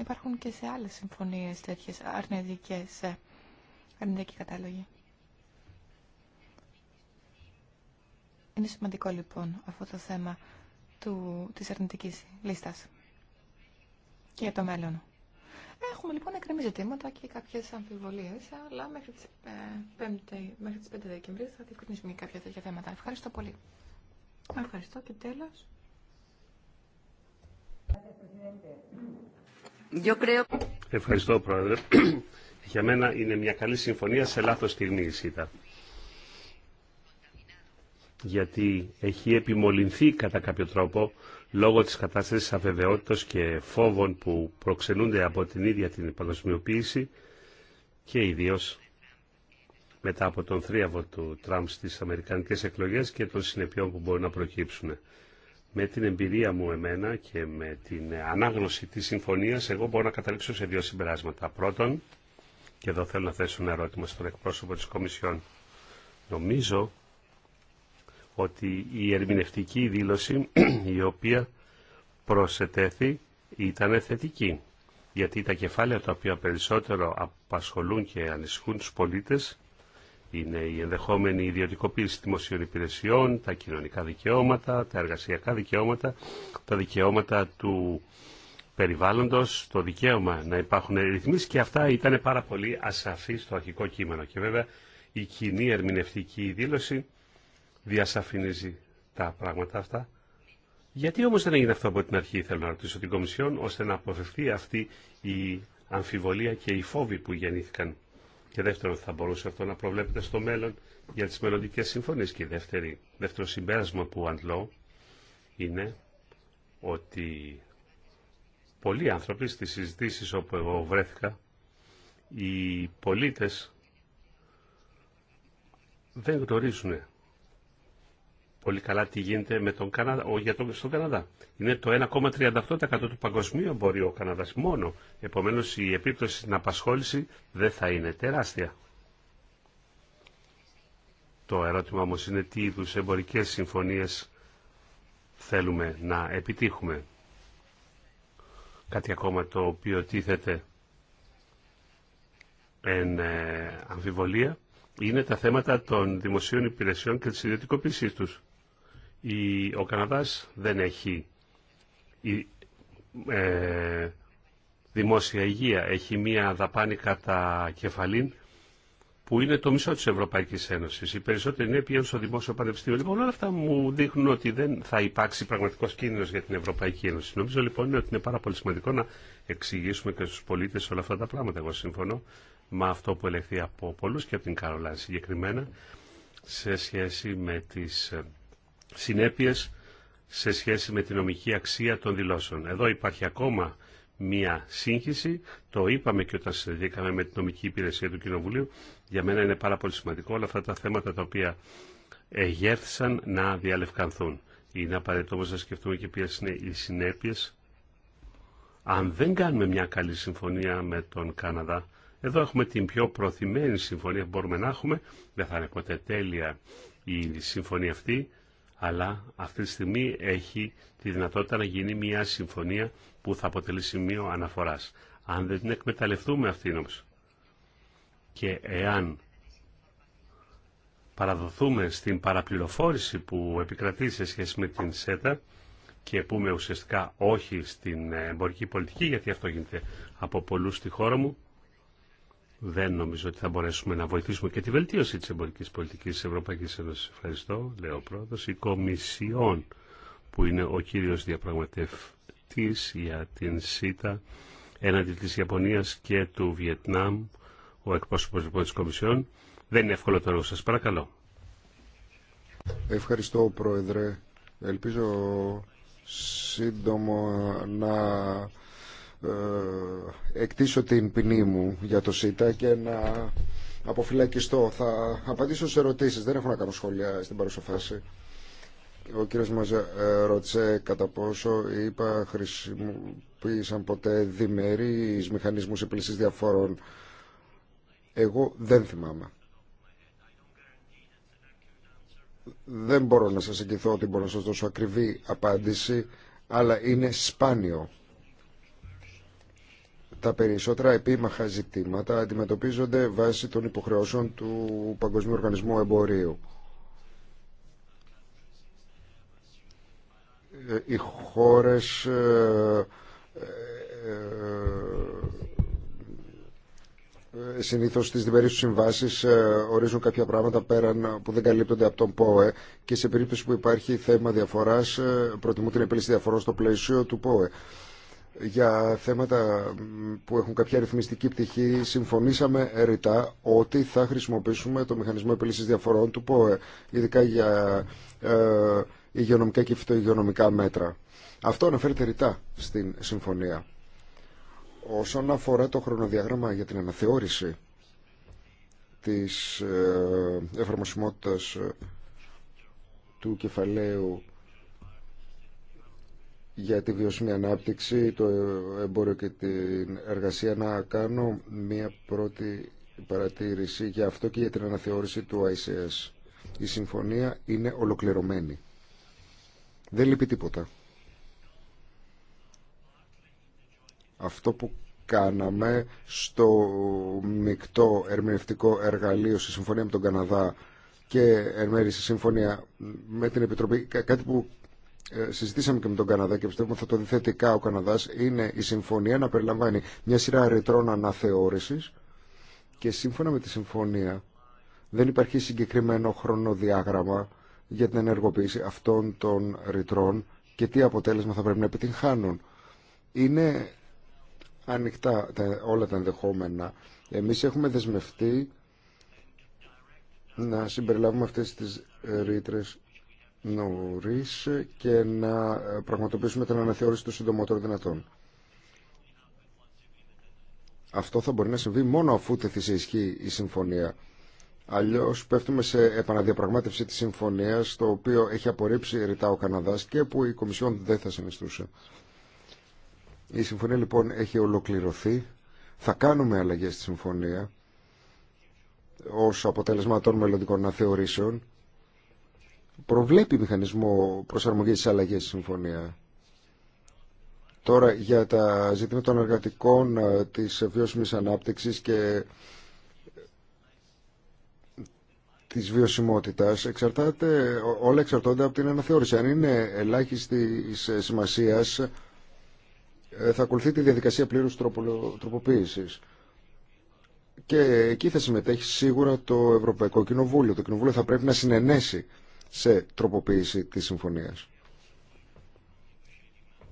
C: υπάρχουν και σε άλλες συμφωνίες τέτοιες αρνητικές ε, αρνητική κατάλογοι. Είναι σημαντικό λοιπόν αυτό το θέμα του, της αρνητικής λίστας και για το μέλλον. Έχουμε λοιπόν εκκρεμή ζητήματα και κάποιες αμφιβολίες, αλλά μέχρι τι ε, 5, τις Δεκεμβρίου θα διευκρινίσουμε κάποια τέτοια θέματα. Ευχαριστώ πολύ. Ευχαριστώ και τέλος.
A: Ευχαριστώ, Πρόεδρε. Για μένα είναι μια καλή συμφωνία σε λάθος στιγμή η ΣΥΤΑ γιατί έχει επιμολυνθεί κατά κάποιο τρόπο λόγω της κατάστασης αβεβαιότητας και φόβων που προξενούνται από την ίδια την παγκοσμιοποίηση και ιδίως μετά από τον θρίαβο του Τραμπ στις αμερικανικές εκλογές και των συνεπειών που μπορούν να προκύψουν. Με την εμπειρία μου εμένα και με την ανάγνωση της συμφωνίας, εγώ μπορώ να καταλήξω σε δύο συμπεράσματα. Πρώτον, και εδώ θέλω να θέσω ένα ερώτημα στον εκπρόσωπο της Κομισιόν. Νομίζω ότι η ερμηνευτική δήλωση η οποία προσετέθη ήταν θετική. Γιατί τα κεφάλαια τα οποία περισσότερο απασχολούν και ανησυχούν τους πολίτες είναι η ενδεχόμενη ιδιωτικοποίηση δημοσίων υπηρεσιών, τα κοινωνικά δικαιώματα, τα εργασιακά δικαιώματα, τα δικαιώματα του περιβάλλοντος, το δικαίωμα να υπάρχουν ρυθμίσεις και αυτά ήταν πάρα πολύ ασαφή στο αρχικό κείμενο. Και βέβαια η κοινή ερμηνευτική δήλωση διασαφηνίζει τα πράγματα αυτά. Γιατί όμως δεν έγινε αυτό από την αρχή, θέλω να ρωτήσω την Κομισιόν, ώστε να αποφευθεί αυτή η αμφιβολία και οι φόβοι που γεννήθηκαν. Και δεύτερον, θα μπορούσε αυτό να προβλέπεται στο μέλλον για τις μελλοντικέ συμφωνίες. Και δεύτερη, δεύτερο συμπέρασμα που αντλώ είναι ότι πολλοί άνθρωποι στις συζητήσεις όπου εγώ βρέθηκα, οι πολίτες δεν γνωρίζουν πολύ καλά τι γίνεται με τον Καναδά, ο, για τον, στον Καναδά. Είναι το 1,38% του παγκοσμίου μπορει ο Καναδάς μόνο. Επομένως η επίπτωση στην απασχόληση δεν θα είναι τεράστια. Το ερώτημα όμως είναι τι είδους εμπορικές συμφωνίες θέλουμε να επιτύχουμε. Κάτι ακόμα το οποίο τίθεται εν ε, αμφιβολία είναι τα θέματα των δημοσίων υπηρεσιών και της ιδιωτικοποίησής τους η, ο Καναδάς δεν έχει η, ε, δημόσια υγεία. Έχει μία δαπάνη κατά κεφαλήν που είναι το μισό της Ευρωπαϊκής Ένωσης. Οι περισσότεροι είναι πηγαίνουν στο δημόσιο πανεπιστήμιο. Λοιπόν, όλα αυτά μου δείχνουν ότι δεν θα υπάρξει πραγματικός κίνδυνος για την Ευρωπαϊκή Ένωση. Νομίζω λοιπόν ότι είναι πάρα πολύ σημαντικό να εξηγήσουμε και στους πολίτες όλα αυτά τα πράγματα. Εγώ συμφωνώ με αυτό που ελεγχθεί από πολλούς και από την Καρολάν συγκεκριμένα σε σχέση με τις ε, συνέπειες σε σχέση με την νομική αξία των δηλώσεων. Εδώ υπάρχει ακόμα μία σύγχυση. Το είπαμε και όταν συνδεθήκαμε με την νομική υπηρεσία του Κοινοβουλίου. Για μένα είναι πάρα πολύ σημαντικό όλα αυτά τα θέματα τα οποία εγέρθησαν να διαλευκανθούν. Είναι απαραίτητο όμως να σκεφτούμε και ποιες είναι οι συνέπειες. Αν δεν κάνουμε μια καλή συμφωνία με τον Καναδά, εδώ έχουμε την πιο προθυμένη συμφωνία που μπορούμε να έχουμε, δεν θα είναι ποτέ τέλεια η συμφωνία αυτή, αλλά αυτή τη στιγμή έχει τη δυνατότητα να γίνει μια συμφωνία που θα αποτελεί σημείο αναφοράς. Αν δεν την εκμεταλλευτούμε αυτήν όμως και εάν παραδοθούμε στην παραπληροφόρηση που επικρατεί σε σχέση με την ΣΕΤΑ και πούμε ουσιαστικά όχι στην εμπορική πολιτική, γιατί αυτό γίνεται από πολλούς στη χώρα μου, δεν νομίζω ότι θα μπορέσουμε να βοηθήσουμε και τη βελτίωση της εμπορικής πολιτικής της Ευρωπαϊκής Ένωσης. Ευχαριστώ, λέω πρώτος. Η Κομισιόν, που είναι ο κύριος διαπραγματευτής για την ΣΥΤΑ, έναντι της Ιαπωνίας και του Βιετνάμ, ο εκπρόσωπος λοιπόν της Κομισιόν. Δεν είναι εύκολο το έργο σας. Παρακαλώ.
B: Ευχαριστώ, Πρόεδρε. Ελπίζω σύντομα να ε, εκτίσω την ποινή μου για το ΣΥΤΑ και να αποφυλακιστώ. Θα απαντήσω σε ερωτήσεις. Δεν έχω να κάνω σχόλια στην παρούσα φάση. Ο κύριος μας ε, ρώτησε κατά πόσο είπα χρησιμοποίησαν ποτέ διμερείς μηχανισμούς επίλυσης διαφόρων. Εγώ δεν θυμάμαι. Δεν μπορώ να σας εγγυθώ ότι μπορώ να σας δώσω ακριβή απάντηση, αλλά είναι σπάνιο τα περισσότερα επίμαχα ζητήματα αντιμετωπίζονται βάσει των υποχρεώσεων του Παγκοσμίου Οργανισμού Εμπορίου. Ε, οι χώρες ε, ε, Συνήθω στις διμερεί του συμβάσει ορίζουν κάποια πράγματα πέραν που δεν καλύπτονται από τον ΠΟΕ και σε περίπτωση που υπάρχει θέμα διαφορά προτιμούν την επίλυση διαφορών στο πλαίσιο του ΠΟΕ για θέματα που έχουν κάποια ρυθμιστική πτυχή συμφωνήσαμε ρητά ότι θα χρησιμοποιήσουμε το μηχανισμό επίλυσης διαφορών του ΠΟΕ ειδικά για ε, υγειονομικά και φυτοϊγειονομικά μέτρα. Αυτό αναφέρεται ρητά στην συμφωνία. Όσον αφορά το χρονοδιάγραμμα για την αναθεώρηση της ε, εφαρμοσιμότητας ε, του κεφαλαίου για τη βιώσιμη ανάπτυξη, το εμπόριο και την εργασία να κάνω μία πρώτη παρατήρηση για αυτό και για την αναθεώρηση του ICS. Η συμφωνία είναι ολοκληρωμένη. Δεν λείπει τίποτα. Αυτό που κάναμε στο μεικτό ερμηνευτικό εργαλείο στη συμφωνία με τον Καναδά και εν μέρει στη συμφωνία με την Επιτροπή, κάτι που ε, συζητήσαμε και με τον Καναδά και πιστεύουμε θα το δει ο Καναδάς είναι η συμφωνία να περιλαμβάνει μια σειρά ρητρών αναθεώρησης και σύμφωνα με τη συμφωνία δεν υπάρχει συγκεκριμένο χρονοδιάγραμμα για την ενεργοποίηση αυτών των ρητρών και τι αποτέλεσμα θα πρέπει να επιτυγχάνουν. Είναι ανοιχτά όλα τα ενδεχόμενα. Εμείς έχουμε δεσμευτεί να συμπεριλάβουμε αυτές τις ρήτρες και να πραγματοποιήσουμε την αναθεώρηση του συντομότερο δυνατόν. Αυτό θα μπορεί να συμβεί μόνο αφού τεθεί σε ισχύ η συμφωνία. Αλλιώ πέφτουμε σε επαναδιαπραγμάτευση τη συμφωνία, το οποίο έχει απορρίψει ρητά ο Καναδά και που η Κομισιόν δεν θα συνιστούσε. Η συμφωνία λοιπόν έχει ολοκληρωθεί. Θα κάνουμε αλλαγέ στη συμφωνία ω αποτέλεσμα των μελλοντικών αναθεωρήσεων προβλέπει μηχανισμό προσαρμογής της αλλαγές στη συμφωνία. Τώρα για τα ζητήματα των εργατικών ε, της βιώσιμης ανάπτυξης και ε, της βιωσιμότητας εξαρτάται, όλα εξαρτώνται από την αναθεώρηση. Αν είναι ελάχιστη ε, σημασία, θα ακολουθεί τη διαδικασία πλήρους τροποποίησης. Και εκεί θα συμμετέχει σίγουρα το Ευρωπαϊκό Κοινοβούλιο. Το Κοινοβούλιο θα πρέπει να συνενέσει σε τροποποίηση της συμφωνίας.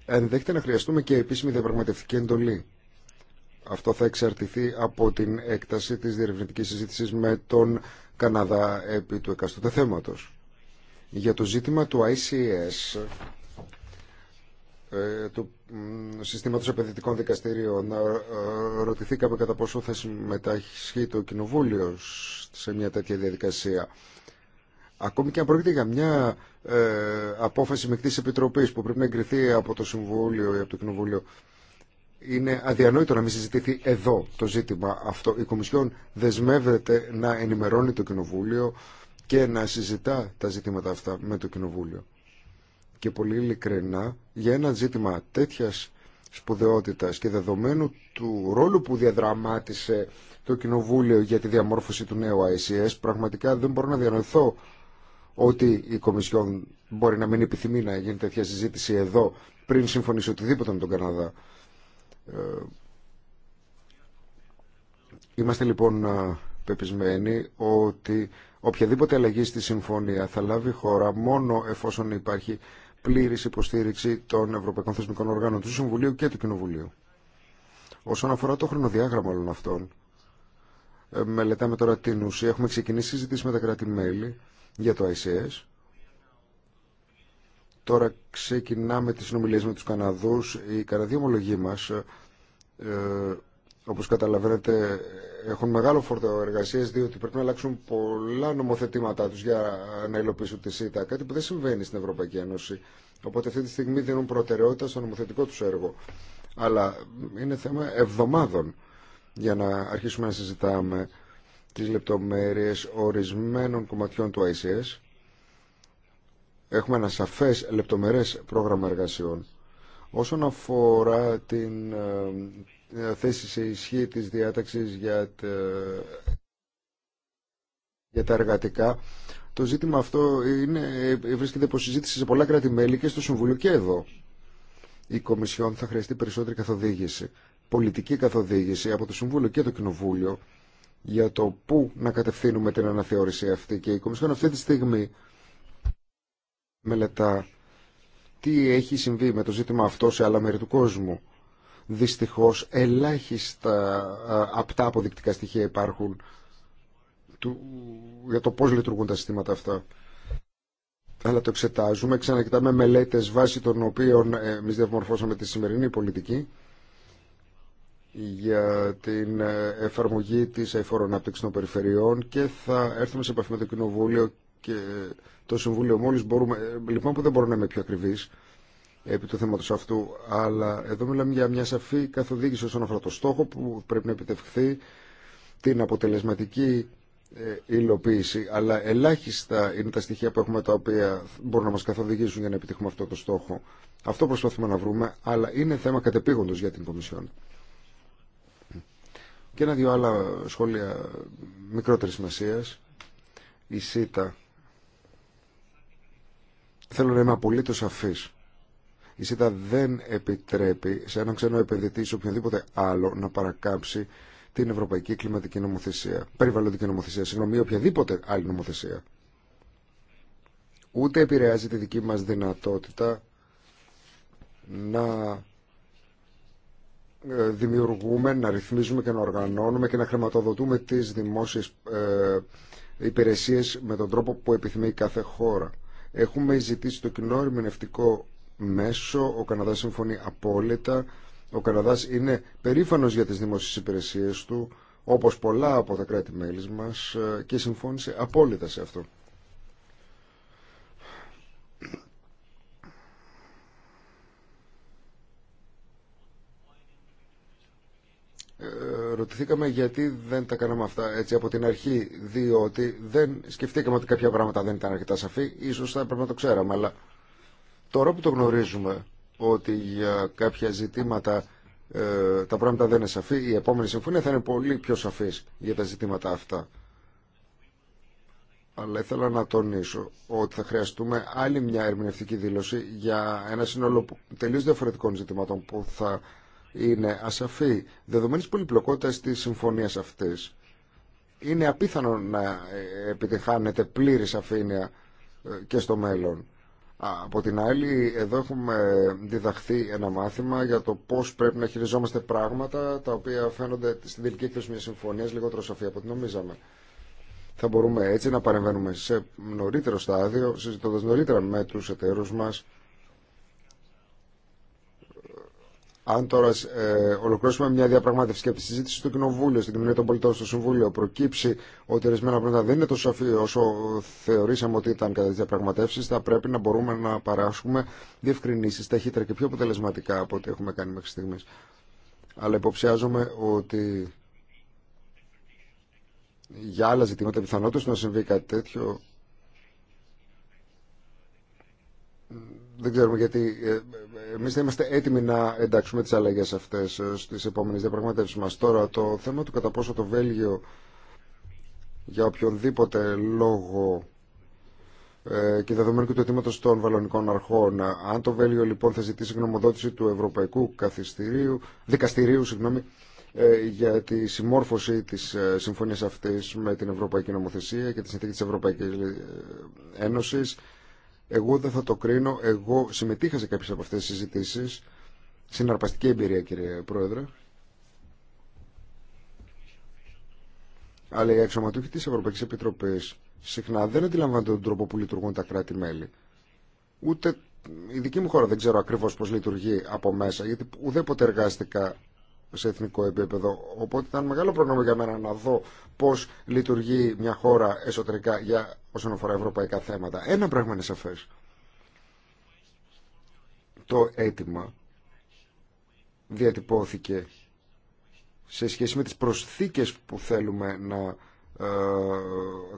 B: Ενδέχεται να χρειαστούμε και επίσημη διαπραγματευτική εντολή. Αυτό θα εξαρτηθεί από την έκταση της διερευνητικής συζήτησης με τον Καναδά επί του εκάστοτε θέματος. Για το ζήτημα του ICS, ε, του συστήματος επενδυτικών δικαστηρίων, ε, ρωτηθήκαμε κατά πόσο θα συμμετάσχει το Κοινοβούλιο σε μια τέτοια διαδικασία. Ακόμη και αν πρόκειται για μια ε, απόφαση μεκτή επιτροπή που πρέπει να εγκριθεί από το Συμβούλιο ή από το Κοινοβούλιο, είναι αδιανόητο να μην συζητηθεί εδώ το ζήτημα αυτό. Η Κομισιόν δεσμεύεται να ενημερώνει το Κοινοβούλιο και να συζητά τα ζητήματα αυτά με το Κοινοβούλιο. Και πολύ ειλικρινά, για ένα ζήτημα τέτοια σπουδαιότητα και δεδομένου του ρόλου που διαδραμάτισε το Κοινοβούλιο για τη διαμόρφωση του νέου ICS, πραγματικά δεν μπορώ να διανοηθώ ότι η Κομισιόν μπορεί να μην επιθυμεί να γίνει τέτοια συζήτηση εδώ πριν συμφωνήσει οτιδήποτε με τον Καναδά. Ε, είμαστε λοιπόν ε, πεπισμένοι ότι οποιαδήποτε αλλαγή στη συμφωνία θα λάβει χώρα μόνο εφόσον υπάρχει πλήρης υποστήριξη των Ευρωπαϊκών Θεσμικών Οργάνων του Συμβουλίου και του Κοινοβουλίου. Όσον αφορά το χρονοδιάγραμμα όλων αυτών, ε, μελετάμε τώρα την ουσία. Έχουμε ξεκινήσει συζήτηση με τα κράτη-μέλη για το ICS. Τώρα ξεκινάμε τις συνομιλίες με τους Καναδούς. Οι Καναδοί ομολογοί μας, ε, όπως καταλαβαίνετε, έχουν μεγάλο φόρτο εργασίες, διότι πρέπει να αλλάξουν πολλά νομοθετήματά τους για να υλοποιήσουν τη ΣΥΤΑ, κάτι που δεν συμβαίνει στην Ευρωπαϊκή Ένωση. Οπότε αυτή τη στιγμή δίνουν προτεραιότητα στο νομοθετικό τους έργο. Αλλά είναι θέμα εβδομάδων για να αρχίσουμε να συζητάμε τις λεπτομέρειες ορισμένων κομματιών του ICS. Έχουμε ένα σαφές λεπτομερές πρόγραμμα εργασιών. Όσον αφορά την ε, ε, θέση σε ισχύ της διάταξης για τα, για εργατικά, το ζήτημα αυτό είναι, ε, βρίσκεται υπό συζήτηση σε πολλά κράτη-μέλη και στο Συμβουλίο και εδώ. Η Κομισιόν θα χρειαστεί περισσότερη καθοδήγηση, πολιτική καθοδήγηση από το Συμβούλιο και το Κοινοβούλιο για το πού να κατευθύνουμε την αναθεώρηση αυτή. Και η Κομισιόν αυτή τη στιγμή μελετά τι έχει συμβεί με το ζήτημα αυτό σε άλλα μέρη του κόσμου. Δυστυχώς ελάχιστα απτά αποδεικτικά στοιχεία υπάρχουν του, για το πώς λειτουργούν τα συστήματα αυτά. Αλλά το εξετάζουμε, ξανακοιτάμε μελέτες βάσει των οποίων ε, εμείς διαμορφώσαμε τη σημερινή πολιτική για την ε, εφαρμογή της αηφόρων των περιφερειών και θα έρθουμε σε επαφή με το Κοινοβούλιο και το Συμβούλιο μόλις μπορούμε. Ε, λοιπόν που δεν μπορώ να είμαι πιο ακριβής επί του θέματος αυτού, αλλά εδώ μιλάμε για μια σαφή καθοδήγηση όσον αφορά το στόχο που πρέπει να επιτευχθεί, την αποτελεσματική ε, υλοποίηση, αλλά ελάχιστα είναι τα στοιχεία που έχουμε τα οποία μπορούν να μας καθοδηγήσουν για να επιτύχουμε αυτό το στόχο. Αυτό προσπαθούμε να βρούμε, αλλά είναι θέμα κατεπήγοντος για την Κομισιόν. Και ένα-δύο άλλα σχόλια μικρότερης σημασία. Η ΣΥΤΑ. Θέλω να είμαι απολύτω σαφή. Η ΣΥΤΑ δεν επιτρέπει σε έναν ξένο επενδυτή σε οποιονδήποτε άλλο να παρακάψει την Ευρωπαϊκή Κλιματική Νομοθεσία, Περιβαλλοντική Νομοθεσία, συγγνώμη, οποιαδήποτε άλλη νομοθεσία. Ούτε επηρεάζει τη δική μας δυνατότητα να ε, δημιουργούμε, να ρυθμίζουμε και να οργανώνουμε και να χρηματοδοτούμε τις δημόσιες ε, υπηρεσίες με τον τρόπο που επιθυμεί κάθε χώρα. Έχουμε ζητήσει το κοινό ερμηνευτικό μέσο, ο Καναδάς συμφωνεί απόλυτα. Ο Καναδάς είναι περήφανος για τις δημόσιες υπηρεσίες του, όπως πολλά από τα κράτη-μέλη μας ε, και συμφώνησε απόλυτα σε αυτό. Ε, ρωτηθήκαμε γιατί δεν τα κάναμε αυτά έτσι από την αρχή, διότι δεν σκεφτήκαμε ότι κάποια πράγματα δεν ήταν αρκετά σαφή, ίσως θα έπρεπε να το ξέραμε, αλλά τώρα που το γνωρίζουμε ότι για κάποια ζητήματα ε, τα πράγματα δεν είναι σαφή, η επόμενη συμφωνία θα είναι πολύ πιο σαφής για τα ζητήματα αυτά. Αλλά ήθελα να τονίσω ότι θα χρειαστούμε άλλη μια ερμηνευτική δήλωση για ένα σύνολο τελείως διαφορετικών ζητημάτων που θα είναι ασαφή. Δεδομένης πολυπλοκότητας της συμφωνίας αυτής, είναι απίθανο να ε, επιτυχάνεται πλήρη σαφήνεια ε, και στο μέλλον. Από την άλλη, εδώ έχουμε διδαχθεί ένα μάθημα για το πώς πρέπει να χειριζόμαστε πράγματα τα οποία φαίνονται στην τελική έκθεση μια συμφωνία λιγότερο σαφή από ό,τι νομίζαμε. Θα μπορούμε έτσι να παρεμβαίνουμε σε νωρίτερο στάδιο, συζητώντα νωρίτερα με του εταίρου μα Αν τώρα ε, ολοκληρώσουμε μια διαπραγμάτευση και από τη συζήτηση στο Κοινοβούλιο, στην Κοινωνία των Πολιτών, στο Συμβούλιο, προκύψει ότι ορισμένα πράγματα δεν είναι τόσο σαφή όσο θεωρήσαμε ότι ήταν κατά τι διαπραγματεύσει, θα πρέπει να μπορούμε να παράσχουμε διευκρινήσει ταχύτερα και πιο αποτελεσματικά από ό,τι έχουμε κάνει μέχρι στιγμή. Αλλά υποψιάζομαι ότι για άλλα ζητήματα πιθανότητα να συμβεί κάτι τέτοιο δεν ξέρουμε γιατί ε, εμεί δεν είμαστε έτοιμοι να εντάξουμε τι αλλαγέ αυτέ ε, στι επόμενε διαπραγματεύσει μα. Τώρα το θέμα του κατά πόσο το Βέλγιο για οποιονδήποτε λόγο ε, και δεδομένου και του αιτήματο των βαλονικών αρχών. Αν το Βέλγιο λοιπόν θα ζητήσει γνωμοδότηση του Ευρωπαϊκού Καθιστηρίου, Δικαστηρίου συγγνώμη, για τη συμμόρφωση τη συμφωνία αυτή με την Ευρωπαϊκή Νομοθεσία και τη συνθήκη τη Ευρωπαϊκή Ένωση, εγώ δεν θα το κρίνω. Εγώ συμμετείχα σε κάποιες από αυτές τις συζητήσεις. Συναρπαστική εμπειρία, κύριε Πρόεδρε. Αλλά οι αξιωματούχοι τη Ευρωπαϊκή Επιτροπή συχνά δεν αντιλαμβάνονται τον τρόπο που λειτουργούν τα κράτη-μέλη. Ούτε η δική μου χώρα δεν ξέρω ακριβώς πώς λειτουργεί από μέσα, γιατί ουδέποτε εργάστηκα σε εθνικό επίπεδο. Οπότε ήταν μεγάλο προνόμιο για μένα να δω πώς λειτουργεί μια χώρα εσωτερικά για όσον αφορά ευρωπαϊκά θέματα. Ένα πράγμα είναι σαφέ. Το αίτημα διατυπώθηκε σε σχέση με τις προσθήκες που θέλουμε να ε,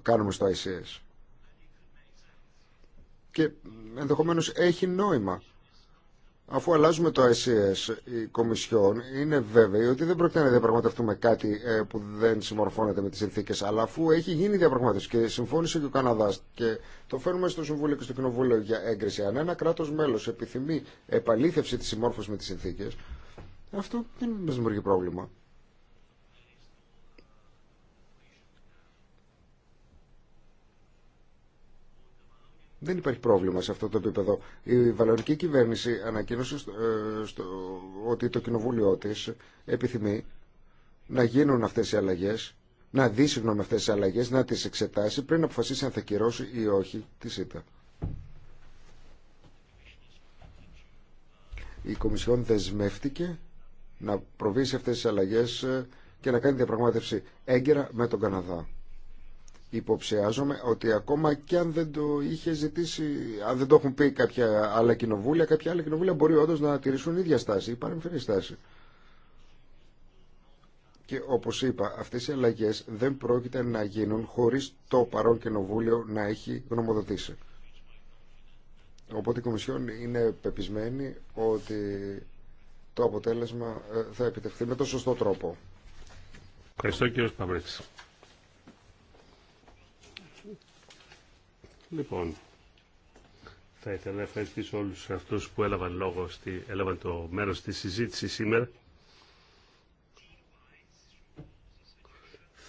B: κάνουμε στο ICS. Και ενδεχομένως έχει νόημα Αφού αλλάζουμε το ICS, η Κομισιόν είναι βέβαιη ότι δεν πρόκειται να διαπραγματευτούμε κάτι ε, που δεν συμμορφώνεται με τι συνθήκε. Αλλά αφού έχει γίνει διαπραγμάτευση και συμφώνησε και ο Καναδά και το φέρνουμε στο Συμβούλιο και στο Κοινοβούλιο για έγκριση, αν ένα κράτο μέλο επιθυμεί επαλήθευση τη συμμόρφωση με τι συνθήκε, αυτό δεν δημιουργεί πρόβλημα. Δεν υπάρχει πρόβλημα σε αυτό το επίπεδο. Η Βαλλονική κυβέρνηση ανακοίνωσε ε, στο, ότι το κοινοβούλιο τη επιθυμεί να γίνουν αυτέ οι αλλαγέ, να δει συγγνώμη αυτέ τι αλλαγέ, να τι εξετάσει πριν αποφασίσει αν θα κυρώσει ή όχι τη ΣΥΤΑ. Η Κομισιόν δεσμεύτηκε να προβεί σε αυτέ τι αλλαγέ ε, και να κάνει διαπραγμάτευση έγκαιρα με τον Καναδά. Υποψιάζομαι ότι ακόμα και αν δεν το είχε ζητήσει, αν δεν το έχουν πει κάποια άλλα κοινοβούλια, κάποια άλλα κοινοβούλια μπορεί όντω να τηρήσουν ίδια στάση ή παρεμφερή στάση. Και όπω είπα, αυτέ οι αλλαγέ δεν πρόκειται να γίνουν χωρί το παρόν κοινοβούλιο να έχει γνωμοδοτήσει. Οπότε η Κομισιόν είναι πεπισμένη ότι το αποτέλεσμα ε, θα επιτευχθεί με τον σωστό τρόπο.
A: Ευχαριστώ κύριε Παυρίτης. Λοιπόν, θα ήθελα να ευχαριστήσω όλους αυτούς που έλαβαν, λόγο στη, έλαβαν το μέρος της συζήτησης σήμερα.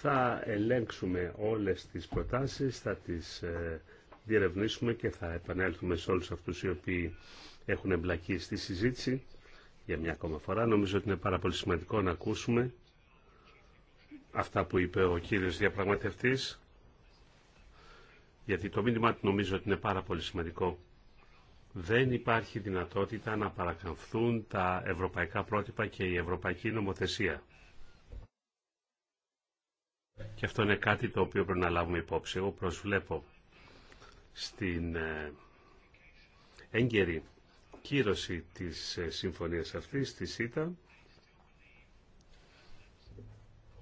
A: Θα ελέγξουμε όλες τις προτάσεις, θα τις ε, διερευνήσουμε και θα επανέλθουμε σε όλους αυτούς οι οποίοι έχουν εμπλακεί στη συζήτηση για μια ακόμα φορά. Νομίζω ότι είναι πάρα πολύ σημαντικό να ακούσουμε αυτά που είπε ο κύριος διαπραγματευτής γιατί το μήνυμα νομίζω ότι είναι πάρα πολύ σημαντικό. Δεν υπάρχει δυνατότητα να παρακαμφθούν τα ευρωπαϊκά πρότυπα και η ευρωπαϊκή νομοθεσία. Και αυτό είναι κάτι το οποίο πρέπει να λάβουμε υπόψη. Εγώ προσβλέπω στην ε, έγκαιρη κύρωση της ε, συμφωνίας αυτής, της ΣΥΤΑ,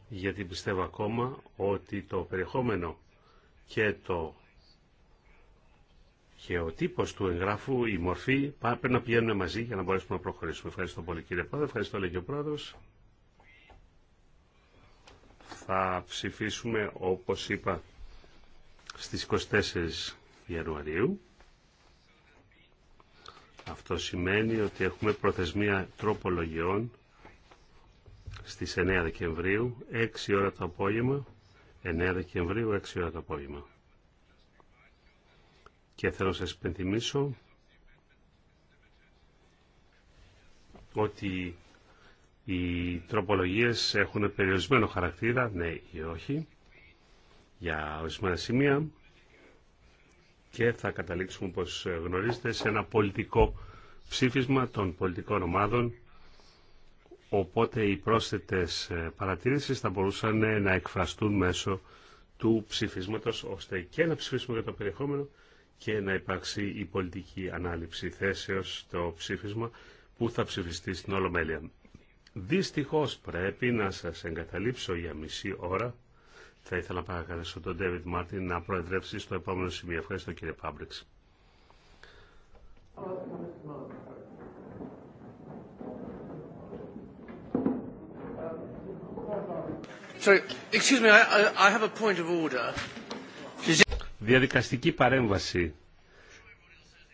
A: γιατί πιστεύω ακόμα ότι το περιεχόμενο και το και ο τύπο του εγγράφου, η μορφή, πρέπει να πηγαίνουν μαζί για να μπορέσουμε να προχωρήσουμε. Ευχαριστώ πολύ κύριε Πρόεδρε, ευχαριστώ λέει και ο Πρόεδρο. Θα ψηφίσουμε, όπως είπα, στις 24 Ιανουαρίου. Αυτό σημαίνει ότι έχουμε προθεσμία τροπολογιών στις 9 Δεκεμβρίου, 6 ώρα το απόγευμα, 9 Δεκεμβρίου, 6 ώρα το απόγευμα και θέλω να σας υπενθυμίσω ότι οι τροπολογίες έχουν περιορισμένο χαρακτήρα, ναι ή όχι, για ορισμένα σημεία και θα καταλήξουμε, όπως γνωρίζετε, σε ένα πολιτικό ψήφισμα των πολιτικών ομάδων οπότε οι πρόσθετες ε, παρατηρήσεις θα μπορούσαν να εκφραστούν μέσω του ψηφίσματος, ώστε και να ψηφίσουμε για το περιεχόμενο και να υπάρξει η πολιτική ανάληψη θέσεως στο ψήφισμα που θα ψηφιστεί στην Ολομέλεια. Δυστυχώς πρέπει να σας εγκαταλείψω για μισή ώρα. Θα ήθελα να παρακαλέσω τον Ντέβιτ Μάρτιν να προεδρεύσει στο επόμενο σημείο. Ευχαριστώ κύριε Πάμπριξ. Sorry, excuse me, I have a point of order διαδικαστική παρέμβαση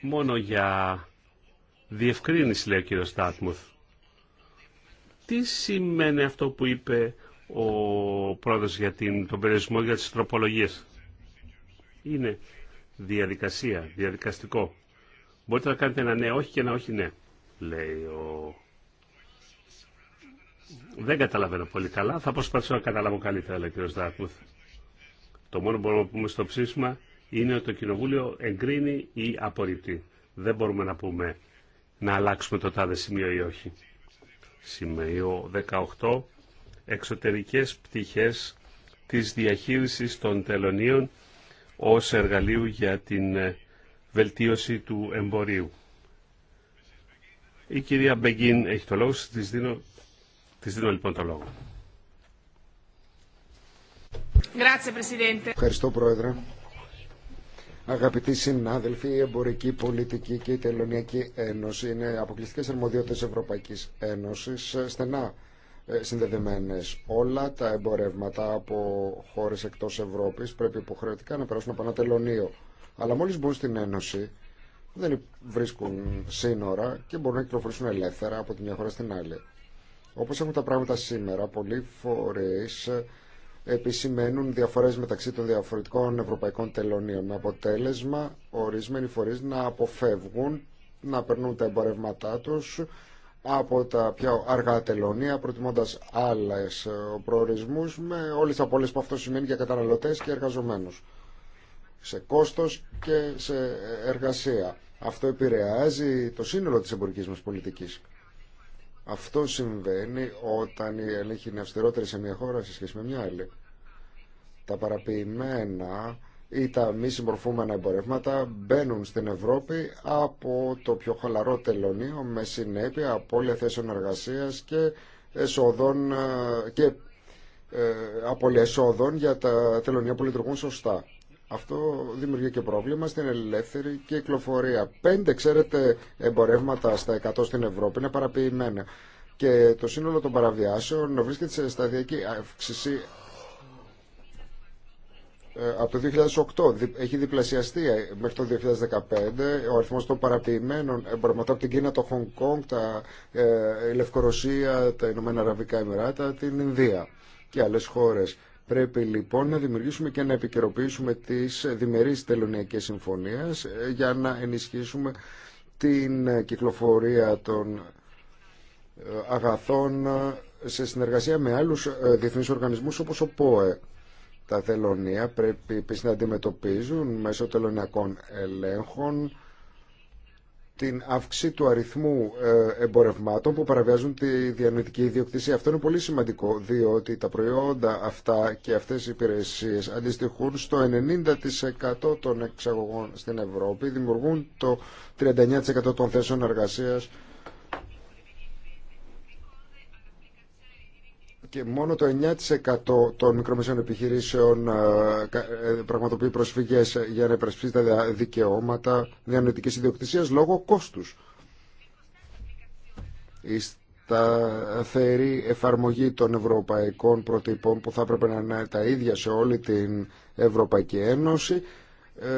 A: μόνο για διευκρίνηση, λέει ο κύριος Στάτμουθ. Τι σημαίνει αυτό που είπε ο πρόεδρος για την, τον περιορισμό για τις τροπολογίες. Είναι διαδικασία, διαδικαστικό. Μπορείτε να κάνετε ένα ναι, όχι και ένα όχι ναι, λέει ο... Δεν καταλαβαίνω πολύ καλά. Θα προσπαθήσω να καταλάβω καλύτερα, λέει ο κ. Δάκουθ. Το μόνο που μπορούμε να πούμε στο ψήφισμα είναι ότι το Κοινοβούλιο εγκρίνει ή απορρίπτει. Δεν μπορούμε να πούμε να αλλάξουμε το τάδε σημείο ή όχι. Σημείο 18. Εξωτερικές πτυχές της διαχείρισης των τελωνίων ως εργαλείου για την ε, βελτίωση του εμπορίου. Η κυρία Μπεγκίν έχει το λόγο. Της δίνω, της δίνω λοιπόν το λόγο.
C: Ευχαριστώ,
B: Πρόεδρε. Αγαπητοί συνάδελφοι, η Εμπορική Πολιτική και η Τελωνιακή Ένωση είναι αποκλειστικές αρμοδιότητες Ευρωπαϊκής Ένωσης, ε, στενά ε, συνδεδεμένες. Όλα τα εμπορεύματα από χώρες εκτός Ευρώπης πρέπει υποχρεωτικά να περάσουν από ένα τελωνίο. Αλλά μόλις μπουν στην Ένωση δεν βρίσκουν σύνορα και μπορούν να κυκλοφορήσουν ελεύθερα από τη μια χώρα στην άλλη. Όπως έχουν τα πράγματα σήμερα, πολλοί φορείς ε, επισημαίνουν διαφορές μεταξύ των διαφορετικών ευρωπαϊκών τελωνίων με αποτέλεσμα ορισμένοι φορείς να αποφεύγουν να περνούν τα εμπορεύματά τους από τα πιο αργά τελωνία προτιμώντας άλλες ε, προορισμούς με όλες τις απώλειες που αυτό σημαίνει για καταναλωτές και εργαζομένους σε κόστος και σε εργασία. Αυτό επηρεάζει το σύνολο της εμπορικής μας πολιτικής. Αυτό συμβαίνει όταν η ελέγχη είναι αυστηρότερη σε μια χώρα σε σχέση με μια άλλη. Τα παραποιημένα ή τα μη συμμορφούμενα εμπορεύματα μπαίνουν στην Ευρώπη από το πιο χαλαρό τελωνίο με συνέπεια απώλεια θέσεων εργασίας και εσόδων ε, και ε, εσόδων για τα τελωνία που λειτουργούν σωστά. Αυτό δημιουργεί και πρόβλημα στην ελεύθερη κυκλοφορία. Πέντε, ξέρετε, εμπορεύματα στα 100 στην Ευρώπη είναι παραποιημένα. Και το σύνολο των παραβιάσεων βρίσκεται σε σταδιακή αύξηση ε, από το 2008 έχει διπλασιαστεί ε, μέχρι το 2015 ο αριθμός των παραποιημένων εμπορευματών από την Κίνα, το Χονγκ τα, ε, η Λευκορωσία, τα Ηνωμένα Αραβικά Εμμυράτα, την Ινδία και άλλες χώρες. Πρέπει λοιπόν να δημιουργήσουμε και να επικαιροποιήσουμε τις διμερείς τελωνιακές συμφωνίες ε, για να ενισχύσουμε την κυκλοφορία των ε, αγαθών ε, σε συνεργασία με άλλους διεθνείς οργανισμούς όπως ο ΠΟΕ. Τα τελωνία πρέπει επίσης να αντιμετωπίζουν μέσω τελωνιακών ελέγχων την αύξηση του αριθμού ε, εμπορευμάτων που παραβιάζουν τη διανοητική ιδιοκτησία. Αυτό είναι πολύ σημαντικό, διότι τα προϊόντα αυτά και αυτές οι υπηρεσίες αντιστοιχούν στο 90% των εξαγωγών στην Ευρώπη, δημιουργούν το 39% των θέσεων εργασίας και μόνο το 9% των μικρομεσαίων επιχειρήσεων ε, ε, πραγματοποιεί προσφυγές για να υπερασπιστεί τα δικαιώματα διανοητικής ιδιοκτησίας λόγω κόστους. Η σταθερή εφαρμογή των ευρωπαϊκών προτύπων που θα έπρεπε να είναι τα ίδια σε όλη την Ευρωπαϊκή Ένωση ε,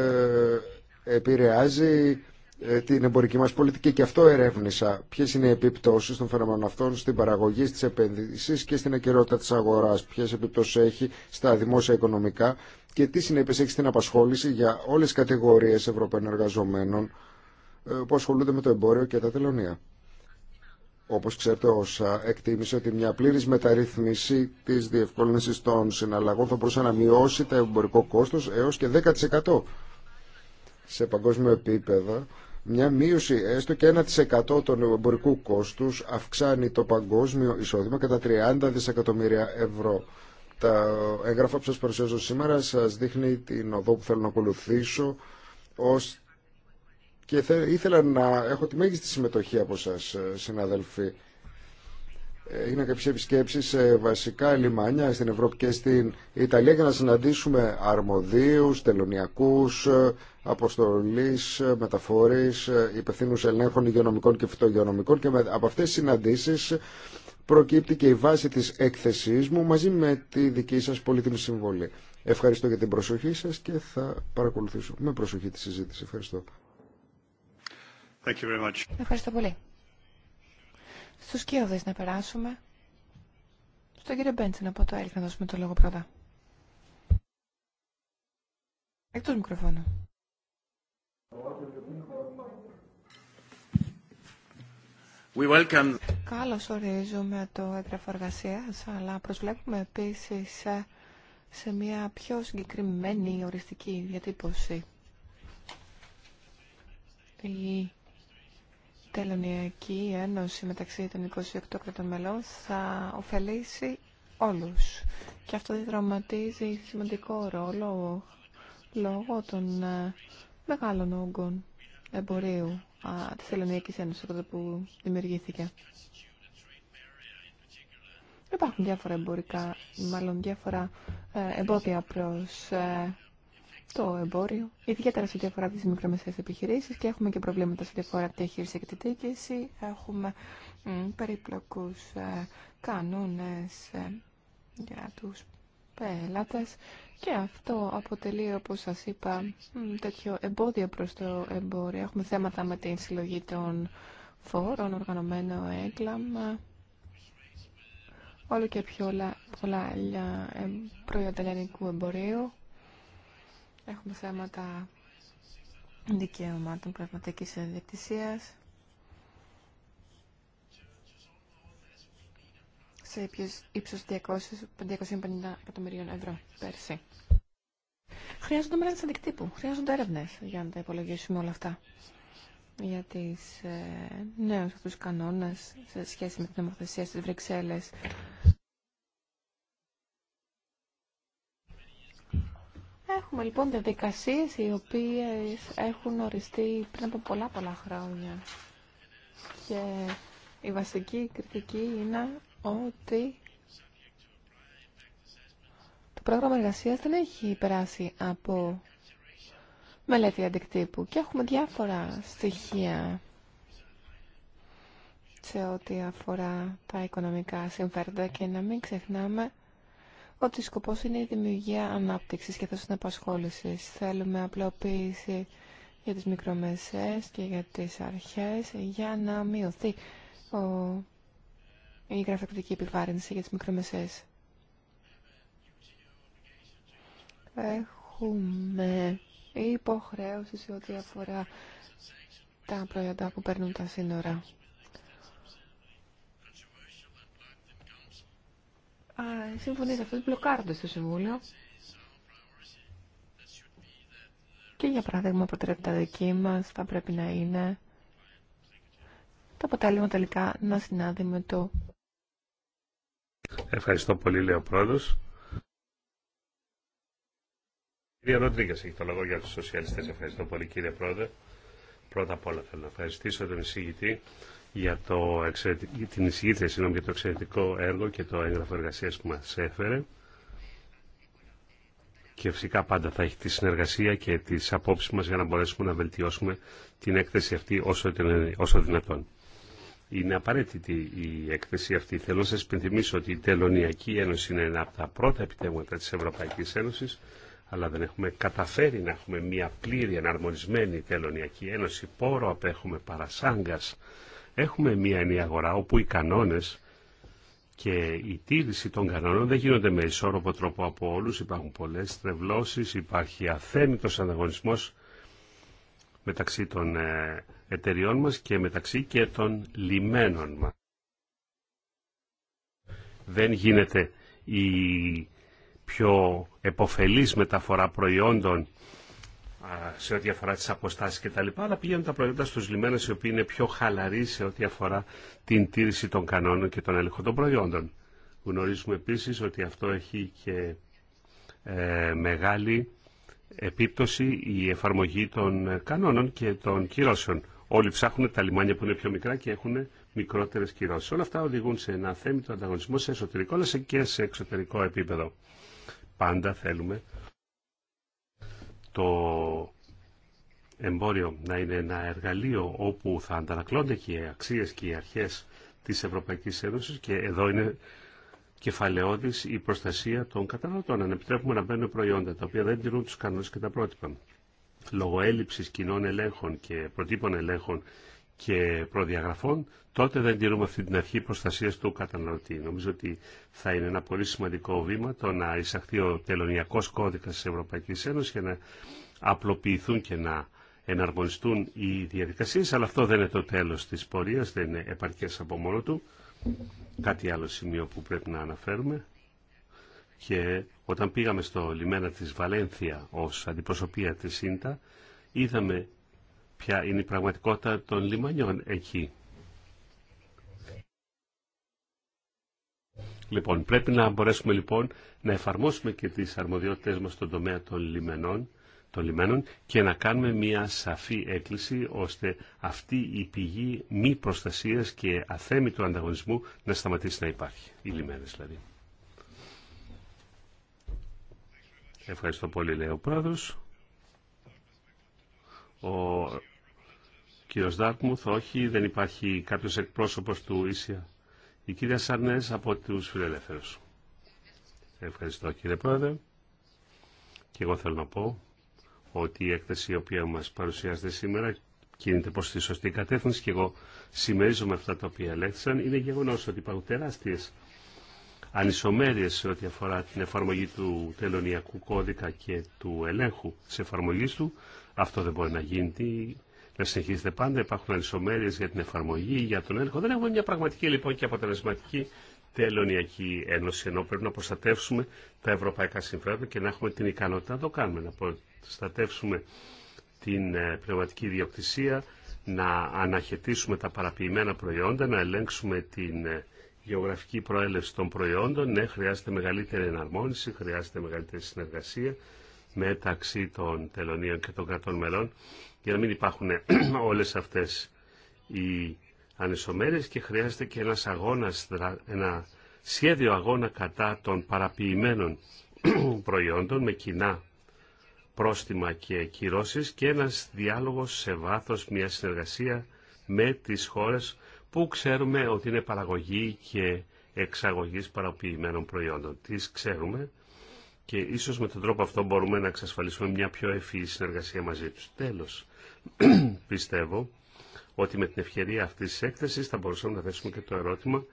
B: επηρεάζει ε, την εμπορική μας πολιτική και αυτό ερεύνησα ποιες είναι οι επιπτώσεις των φαινομένων αυτών στην παραγωγή, στις επενδύσεις και στην ακυρότητα της αγοράς, ποιες επιπτώσεις έχει στα δημόσια οικονομικά και τι συνέπειες έχει στην απασχόληση για όλες τις κατηγορίες Ευρωπαίων εργαζομένων ε, που ασχολούνται με το εμπόριο και τα τελωνία. Όπως ξέρετε όσα εκτίμησε ότι μια πλήρης μεταρρύθμιση της διευκόλυνσης των συναλλαγών θα μπορούσε να μειώσει το εμπορικό κόστος έως και 10% σε παγκόσμιο επίπεδο μια μείωση έστω και 1% των εμπορικού κόστους αυξάνει το παγκόσμιο εισόδημα κατά 30 δισεκατομμύρια ευρώ. Τα έγγραφα που σας παρουσιάζω σήμερα σας δείχνει την οδό που θέλω να ακολουθήσω ως και ήθελα να έχω τη μέγιστη συμμετοχή από σας συναδελφοί είναι κάποιε επισκέψει σε βασικά λιμάνια στην Ευρώπη και στην Ιταλία για να συναντήσουμε αρμοδίου, τελωνιακού, ε, αποστολή, ε, μεταφορείς, ε, υπευθύνου ελέγχων υγειονομικών και φυτογειονομικών και από αυτέ τι συναντήσει προκύπτει και η βάση τη εκθεσή μου μαζί με τη δική σα πολύτιμη συμβολή. Ευχαριστώ για την προσοχή σα και θα παρακολουθήσω με προσοχή τη συζήτηση. Ευχαριστώ.
C: Ευχαριστώ πολύ. Στους σκιώδες να περάσουμε. Στον κύριο να από το ΕΛΚ να δώσουμε το λόγο πρώτα. Εκτός μικροφώνου.
B: We welcome.
C: Καλώς ορίζουμε το έγγραφο εργασία, αλλά προσβλέπουμε επίσης σε μια πιο συγκεκριμένη οριστική διατύπωση. Η τελωνιακή ένωση μεταξύ των 28 κρατών μελών θα ωφελήσει όλους. Και αυτό διδραματίζει σημαντικό ρόλο λόγω των ε, μεγάλων όγκων εμπορίου α, της Ελληνικής Ένωσης τότε που δημιουργήθηκε. Υπάρχουν διάφορα εμπορικά, μάλλον διάφορα ε, εμπόδια προς ε, το εμπόριο, ιδιαίτερα σε ό,τι αφορά τι μικρομεσαίε επιχειρήσει και έχουμε και προβλήματα σε ό,τι αφορά τη διαχείριση και τη διοίκηση. Έχουμε περίπλοκου ε, κανόνε ε, για του πελάτε και αυτό αποτελεί, όπω σα είπα, τέτοιο εμπόδιο προ το εμπόριο. Έχουμε θέματα με την συλλογή των φόρων, οργανωμένο έγκλαμα όλο και πιο πολλά, πολλά ε, προϊόντα ελληνικού εμπορίου Έχουμε θέματα δικαιωμάτων πραγματικής ιδιοκτησίας. σε ύψος 250 εκατομμυρίων ευρώ πέρσι. Χρειάζονται μερές αντικτύπου, χρειάζονται έρευνε για να τα υπολογίσουμε όλα αυτά. Για τις ε, νέου αυτού κανόνε σε σχέση με την νομοθεσία στις Βρυξέλλες. Έχουμε λοιπόν διαδικασίες οι οποίες έχουν οριστεί πριν από πολλά πολλά χρόνια. Και η βασική κριτική είναι ότι το πρόγραμμα εργασίας δεν έχει περάσει από μελέτη αντικτύπου και έχουμε διάφορα στοιχεία σε ό,τι αφορά τα οικονομικά συμφέροντα και να μην ξεχνάμε ότι σκοπός είναι η δημιουργία ανάπτυξης και θέσεων απασχόληση. Θέλουμε απλοποίηση για τις μικρομεσαίες και για τις αρχές για να μειωθεί ο... η γραφειοκρατική επιβάρυνση για τις μικρομεσαίες. Έχουμε υποχρέωση σε ό,τι αφορά τα προϊόντα που παίρνουν τα σύνορα. συμφωνείτε αυτός, μπλοκάρονται στο Συμβούλιο. Και για παράδειγμα, προτεραιότητα δική μας θα πρέπει να είναι το αποτέλεσμα τελικά να συνάδει με το.
A: Ευχαριστώ πολύ, λέει ο πρόεδρος. κυρία Ροντρίγκας έχει το λόγο για του σοσιαλιστέ. Ευχαριστώ πολύ, κύριε Πρόεδρε. Πρώτα απ' όλα θέλω να ευχαριστήσω τον εισηγητή για το εξαιρετικό, την εισηγήθεια για το εξαιρετικό έργο και το έγγραφο εργασία που μας έφερε. Και φυσικά πάντα θα έχει τη συνεργασία και τις απόψεις μας για να μπορέσουμε να βελτιώσουμε την έκθεση αυτή όσο, όσο δυνατόν. Είναι απαραίτητη η έκθεση αυτή. Θέλω να σας πενθυμίσω ότι η Τελωνιακή Ένωση είναι ένα από τα πρώτα επιτεύγματα της Ευρωπαϊκής Ένωσης, αλλά δεν έχουμε καταφέρει να έχουμε μια πλήρη εναρμονισμένη Τελωνιακή Ένωση. Πόρο απέχουμε παρασάγκας Έχουμε μια ενή αγορά όπου οι κανόνες και η τήρηση των κανόνων δεν γίνονται με ισόρροπο τρόπο από όλους. Υπάρχουν πολλές στρεβλώσεις, υπάρχει αθέμητος ανταγωνισμός μεταξύ των ε, εταιριών μας και μεταξύ και των λιμένων μας. Δεν γίνεται η πιο εποφελής μεταφορά προϊόντων σε ό,τι αφορά τις αποστάσεις και τα λοιπά, αλλά πηγαίνουν τα προϊόντα στους λιμένες οι οποίοι είναι πιο χαλαροί σε ό,τι αφορά την τήρηση των κανόνων και τον έλεγχο των προϊόντων. Γνωρίζουμε επίσης ότι αυτό έχει και ε, μεγάλη επίπτωση η εφαρμογή των κανόνων και των κυρώσεων. Όλοι ψάχνουν τα λιμάνια που είναι πιο μικρά και έχουν μικρότερες κυρώσεις. Όλα αυτά οδηγούν σε ένα θέμα του ανταγωνισμό σε εσωτερικό αλλά και σε εξωτερικό επίπεδο. Πάντα θέλουμε το εμπόριο να είναι ένα εργαλείο όπου θα αντανακλώνται και οι αξίες και οι αρχές της Ευρωπαϊκής Ένωσης και εδώ είναι κεφαλαιώδης η προστασία των καταναλωτών. Αν επιτρέπουμε να μπαίνουν προϊόντα τα οποία δεν τηρούν τους κανόνες και τα πρότυπα. Λόγω έλλειψης κοινών ελέγχων και προτύπων ελέγχων και προδιαγραφών, τότε δεν τηρούμε αυτή την αρχή προστασία του καταναλωτή. Νομίζω ότι θα είναι ένα πολύ σημαντικό βήμα το να εισαχθεί ο τελωνιακό κώδικα τη Ευρωπαϊκή Ένωση για να απλοποιηθούν και να εναρμονιστούν οι διαδικασίε, αλλά αυτό δεν είναι το τέλο τη πορεία, δεν είναι επαρκέ από μόνο του. Κάτι άλλο σημείο που πρέπει να αναφέρουμε. Και όταν πήγαμε στο λιμένα της Βαλένθια ως αντιπροσωπεία της ΣΥΝΤΑ, είδαμε ποια είναι η πραγματικότητα των λιμανιών εκεί. Λοιπόν, πρέπει να μπορέσουμε λοιπόν να εφαρμόσουμε και τις αρμοδιότητες μας στον τομέα των λιμενών, των λιμένων και να κάνουμε μια σαφή έκκληση ώστε αυτή η πηγή μη προστασίας και του ανταγωνισμού να σταματήσει να υπάρχει. Οι λιμένες δηλαδή. Ευχαριστώ πολύ λέει ο πρόεδρος. Ο Κύριο Δάρκμουθ, όχι, δεν υπάρχει κάποιο εκπρόσωπο του Ίσια. Η κυρία Σάρνε από του Φιλελεύθερου. Ευχαριστώ κύριε Πρόεδρε. Και εγώ θέλω να πω ότι η έκθεση η οποία μα παρουσιάζεται σήμερα κινείται προς τη σωστή κατεύθυνση και εγώ συμμερίζομαι αυτά τα οποία ελέγχθησαν. Είναι γεγονό ότι υπάρχουν τεράστιε ανισομέρειε σε ό,τι αφορά την εφαρμογή του τελωνιακού κώδικα και του ελέγχου τη εφαρμογή του. Αυτό δεν μπορεί να γίνει να συνεχίζεται πάντα, υπάρχουν ανισομέρειε για την εφαρμογή, για τον έλεγχο. Δεν έχουμε μια πραγματική λοιπόν και αποτελεσματική τελωνιακή ένωση, ενώ πρέπει να προστατεύσουμε τα ευρωπαϊκά συμφέροντα και να έχουμε την ικανότητα να το κάνουμε, να προστατεύσουμε την ε, πνευματική ιδιοκτησία, να αναχαιτήσουμε τα παραποιημένα προϊόντα, να ελέγξουμε την ε, γεωγραφική προέλευση των προϊόντων. Ναι, χρειάζεται μεγαλύτερη εναρμόνιση, χρειάζεται μεγαλύτερη συνεργασία μεταξύ των τελωνίων και των κρατών μελών για να μην υπάρχουν όλες αυτές οι ανισομέρειες και χρειάζεται και ένας αγώνας, ένα σχέδιο αγώνα κατά των παραποιημένων προϊόντων με κοινά πρόστιμα και κυρώσεις και ένας διάλογος σε βάθος, μια συνεργασία με τις χώρες που ξέρουμε ότι είναι παραγωγή και εξαγωγής παραποιημένων προϊόντων. Τις ξέρουμε και ίσως με τον τρόπο αυτό μπορούμε να εξασφαλίσουμε μια πιο ευφυή συνεργασία μαζί τους. Τέλος, Πιστεύω ότι με την ευκαιρία αυτής της έκθεσης θα μπορούσαμε να θέσουμε και το ερώτημα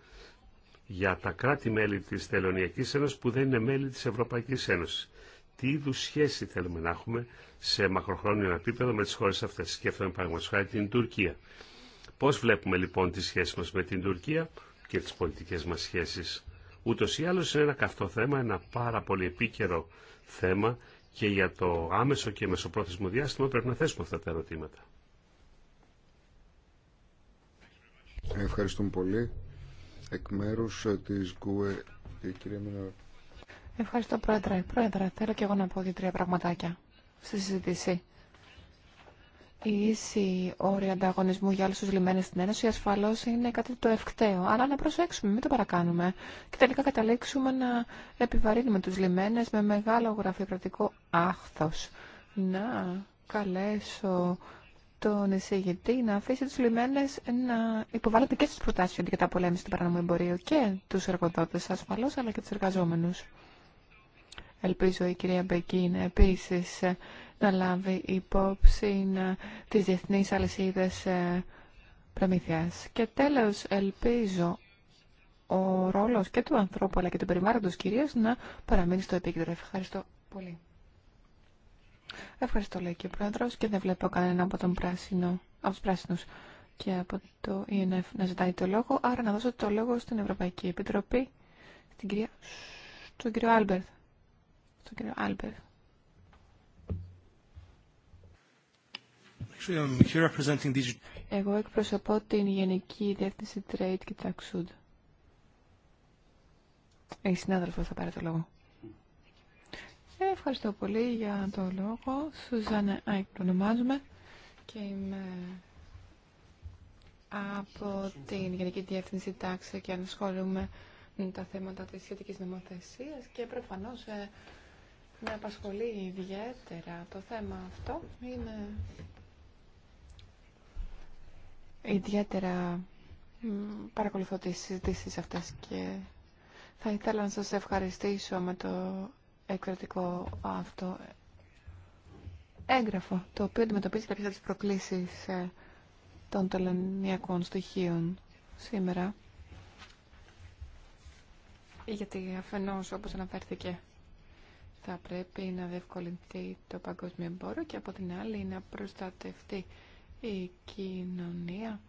A: για τα κράτη-μέλη της Τελωνιακής Ένωσης που δεν είναι μέλη της Ευρωπαϊκής Ένωσης. Τι είδου σχέση θέλουμε να έχουμε σε μακροχρόνιο επίπεδο με τις χώρες αυτές. Σκέφτομαι παραδείγματος χάρη την Τουρκία. Πώς βλέπουμε λοιπόν τη σχέση μας με την Τουρκία και τις πολιτικές μας σχέσεις. Ούτως ή άλλως είναι ένα καυτό θέμα, ένα πάρα πολύ επίκαιρο θέμα και για το άμεσο και μεσοπρόθεσμο διάστημα πρέπει να θέσουμε αυτά τα ερωτήματα.
B: Ευχαριστούμε πολύ. Εκ μέρους ε, της ΚΟΕ, η κυρία Μινά...
C: Ευχαριστώ, Πρόεδρε. Πρόεδρε, θέλω και εγώ να πω δύο-τρία πραγματάκια στη συζήτηση η ίση όρια ανταγωνισμού για όλου του λιμένε στην Ένωση ασφαλώ είναι κάτι το ευκταίο. Αλλά να προσέξουμε, μην το παρακάνουμε. Και τελικά καταλήξουμε να επιβαρύνουμε του λιμένε με μεγάλο γραφειοκρατικό άχθο. Να καλέσω τον εισηγητή να αφήσει του λιμένε να υποβάλλονται και στι προτάσει για την καταπολέμηση του παρανομού εμπορίου και του εργοδότε ασφαλώ, αλλά και του εργαζόμενου. Ελπίζω η κυρία Μπεκίν επίσης να λάβει υπόψη τις διεθνείς αλυσίδες ε, προμήθειας. Και τέλος, ελπίζω ο ρόλος και του ανθρώπου αλλά και του περιβάλλοντος κυρίως να παραμείνει στο επίκεντρο. Ευχαριστώ πολύ. Ευχαριστώ λέει και ο Πρόεδρος και δεν βλέπω κανένα από, τον πράσινο, από τους πράσινους και από το ΕΝΕΦ e να ζητάει το λόγο, άρα να δώσω το λόγο στην Ευρωπαϊκή Επιτροπή, στην στον κύριο Άλμπερθ στον
B: κύριο
C: Εγώ εκπροσωπώ την Γενική Διεύθυνση Trade και Taxud. Έχει συνάδελφο, θα πάρει το λόγο. Ε, ευχαριστώ πολύ για το λόγο. Σουζάνε Άικ το και είμαι από την Γενική Διεύθυνση Τάξη και ανασχολούμαι τα θέματα της σχετικής νομοθεσίας και προφανώς ε, με απασχολεί ιδιαίτερα το θέμα αυτό. Είναι ιδιαίτερα παρακολουθώ τις συζητήσεις αυτές και θα ήθελα να σας ευχαριστήσω με το εκπαιδευτικό αυτό έγγραφο, το οποίο αντιμετωπίζει κάποιες από τις προκλήσεις ε, των τελωνιακών στοιχείων σήμερα. Γιατί αφενός, όπως αναφέρθηκε, θα πρέπει να διευκολυνθεί το παγκόσμιο εμπόριο και από την άλλη να προστατευτεί η κοινωνία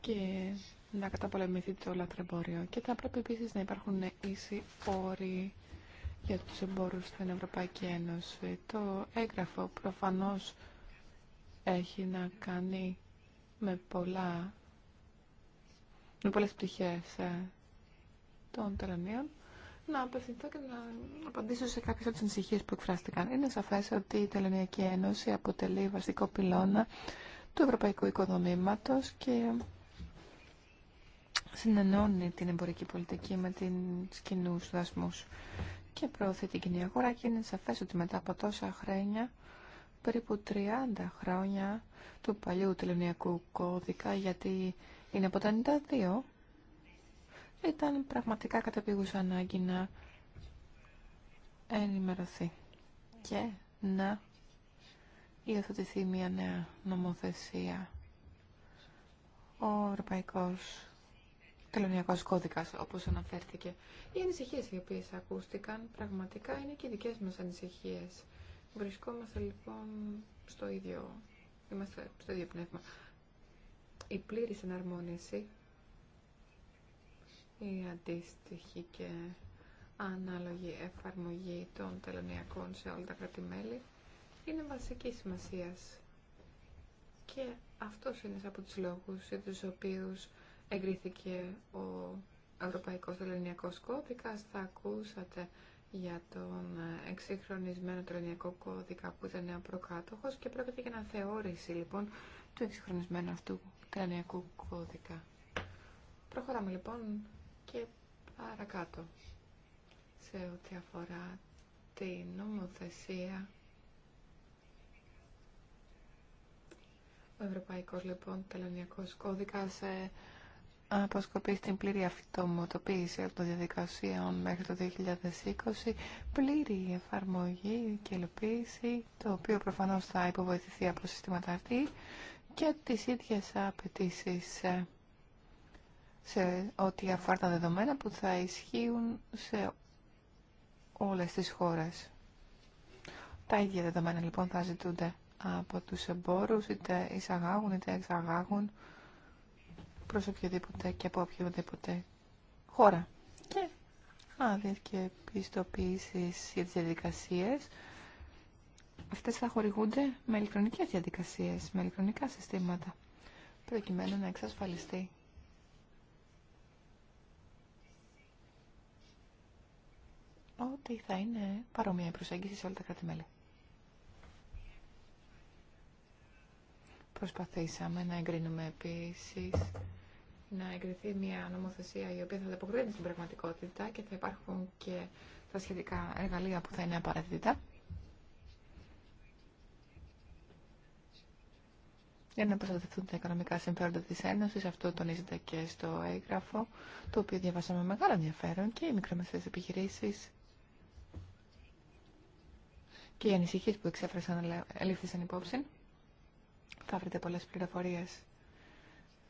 C: και να καταπολεμηθεί το λαθρεμπόριο. Και θα πρέπει επίσης να υπάρχουν ίσοι όροι για τους εμπόρους στην Ευρωπαϊκή Ένωση. Το έγγραφο προφανώς έχει να κάνει με πολλά με πολλές πτυχές των τελωνίων να απευθυνθώ και να απαντήσω σε κάποιες από τις ανησυχίες που εκφράστηκαν. Είναι σαφές ότι η Τελωνιακή Ένωση αποτελεί βασικό πυλώνα του ευρωπαϊκού οικοδομήματος και συνενώνει την εμπορική πολιτική με την κοινού δασμού και προωθεί την κοινή αγορά και είναι σαφές ότι μετά από τόσα χρόνια περίπου 30 χρόνια του παλιού τελωνιακού κώδικα γιατί είναι από τα 92 ήταν πραγματικά κατεπίγουσα ανάγκη να ενημερωθεί και να υιοθετηθεί μια νέα νομοθεσία. Ο Ευρωπαϊκός Τελωνιακός Κώδικας, όπως αναφέρθηκε. Οι ανησυχίες οι οποίες ακούστηκαν πραγματικά είναι και οι δικές μας ανησυχίες. Βρισκόμαστε λοιπόν στο ίδιο, είμαστε στο ίδιο πνεύμα. Η πλήρης εναρμόνιση η αντίστοιχη και ανάλογη εφαρμογή των τελωνιακών σε όλα τα κράτη-μέλη είναι βασική σημασία. Και αυτό είναι από του λόγου για του οποίου εγκρίθηκε ο Ευρωπαϊκό Τελωνιακό Κώδικα. Θα ακούσατε για τον εξυγχρονισμένο τελωνιακό κώδικα που ήταν ο προκάτοχο και πρόκειται για αναθεώρηση λοιπόν του εξυγχρονισμένου αυτού τελωνιακού κώδικα. Προχωράμε λοιπόν και παρακάτω σε ό,τι αφορά την νομοθεσία. Ο Ευρωπαϊκός λοιπόν Τελωνιακός Κώδικας ε, αποσκοπεί στην πλήρη αυτοματοποίηση των διαδικασίων μέχρι το 2020, πλήρη εφαρμογή και υλοποίηση, το οποίο προφανώς θα υποβοηθηθεί από συστήματα αυτή και τις ίδιες απαιτήσει ε, σε ό,τι αφορά τα δεδομένα που θα ισχύουν σε όλες τις χώρες. Τα ίδια δεδομένα λοιπόν θα ζητούνται από τους εμπόρους, είτε εισαγάγουν είτε εξαγάγουν προς οποιοδήποτε και από οποιοδήποτε χώρα. Και άδειες και πιστοποίησεις για τις διαδικασίες. Αυτές θα χορηγούνται με ηλεκτρονικές διαδικασίες, με ηλεκτρονικά συστήματα, προκειμένου να εξασφαλιστεί ότι θα είναι παρόμοια η προσέγγιση σε όλα τα κράτη-μέλη. Προσπαθήσαμε να εγκρίνουμε επίση να εγκριθεί μια νομοθεσία η οποία θα ανταποκρίνεται στην πραγματικότητα και θα υπάρχουν και τα σχετικά εργαλεία που θα είναι απαραίτητα. για να προστατευτούν τα οικονομικά συμφέροντα της Ένωσης. Αυτό τονίζεται και στο έγγραφο, το οποίο διαβάσαμε με μεγάλο ενδιαφέρον και οι μικρομεσαίες επιχειρήσεις και οι ανησυχίες που εξέφρασαν ελήφθησαν υπόψη. Θα βρείτε πολλές πληροφορίες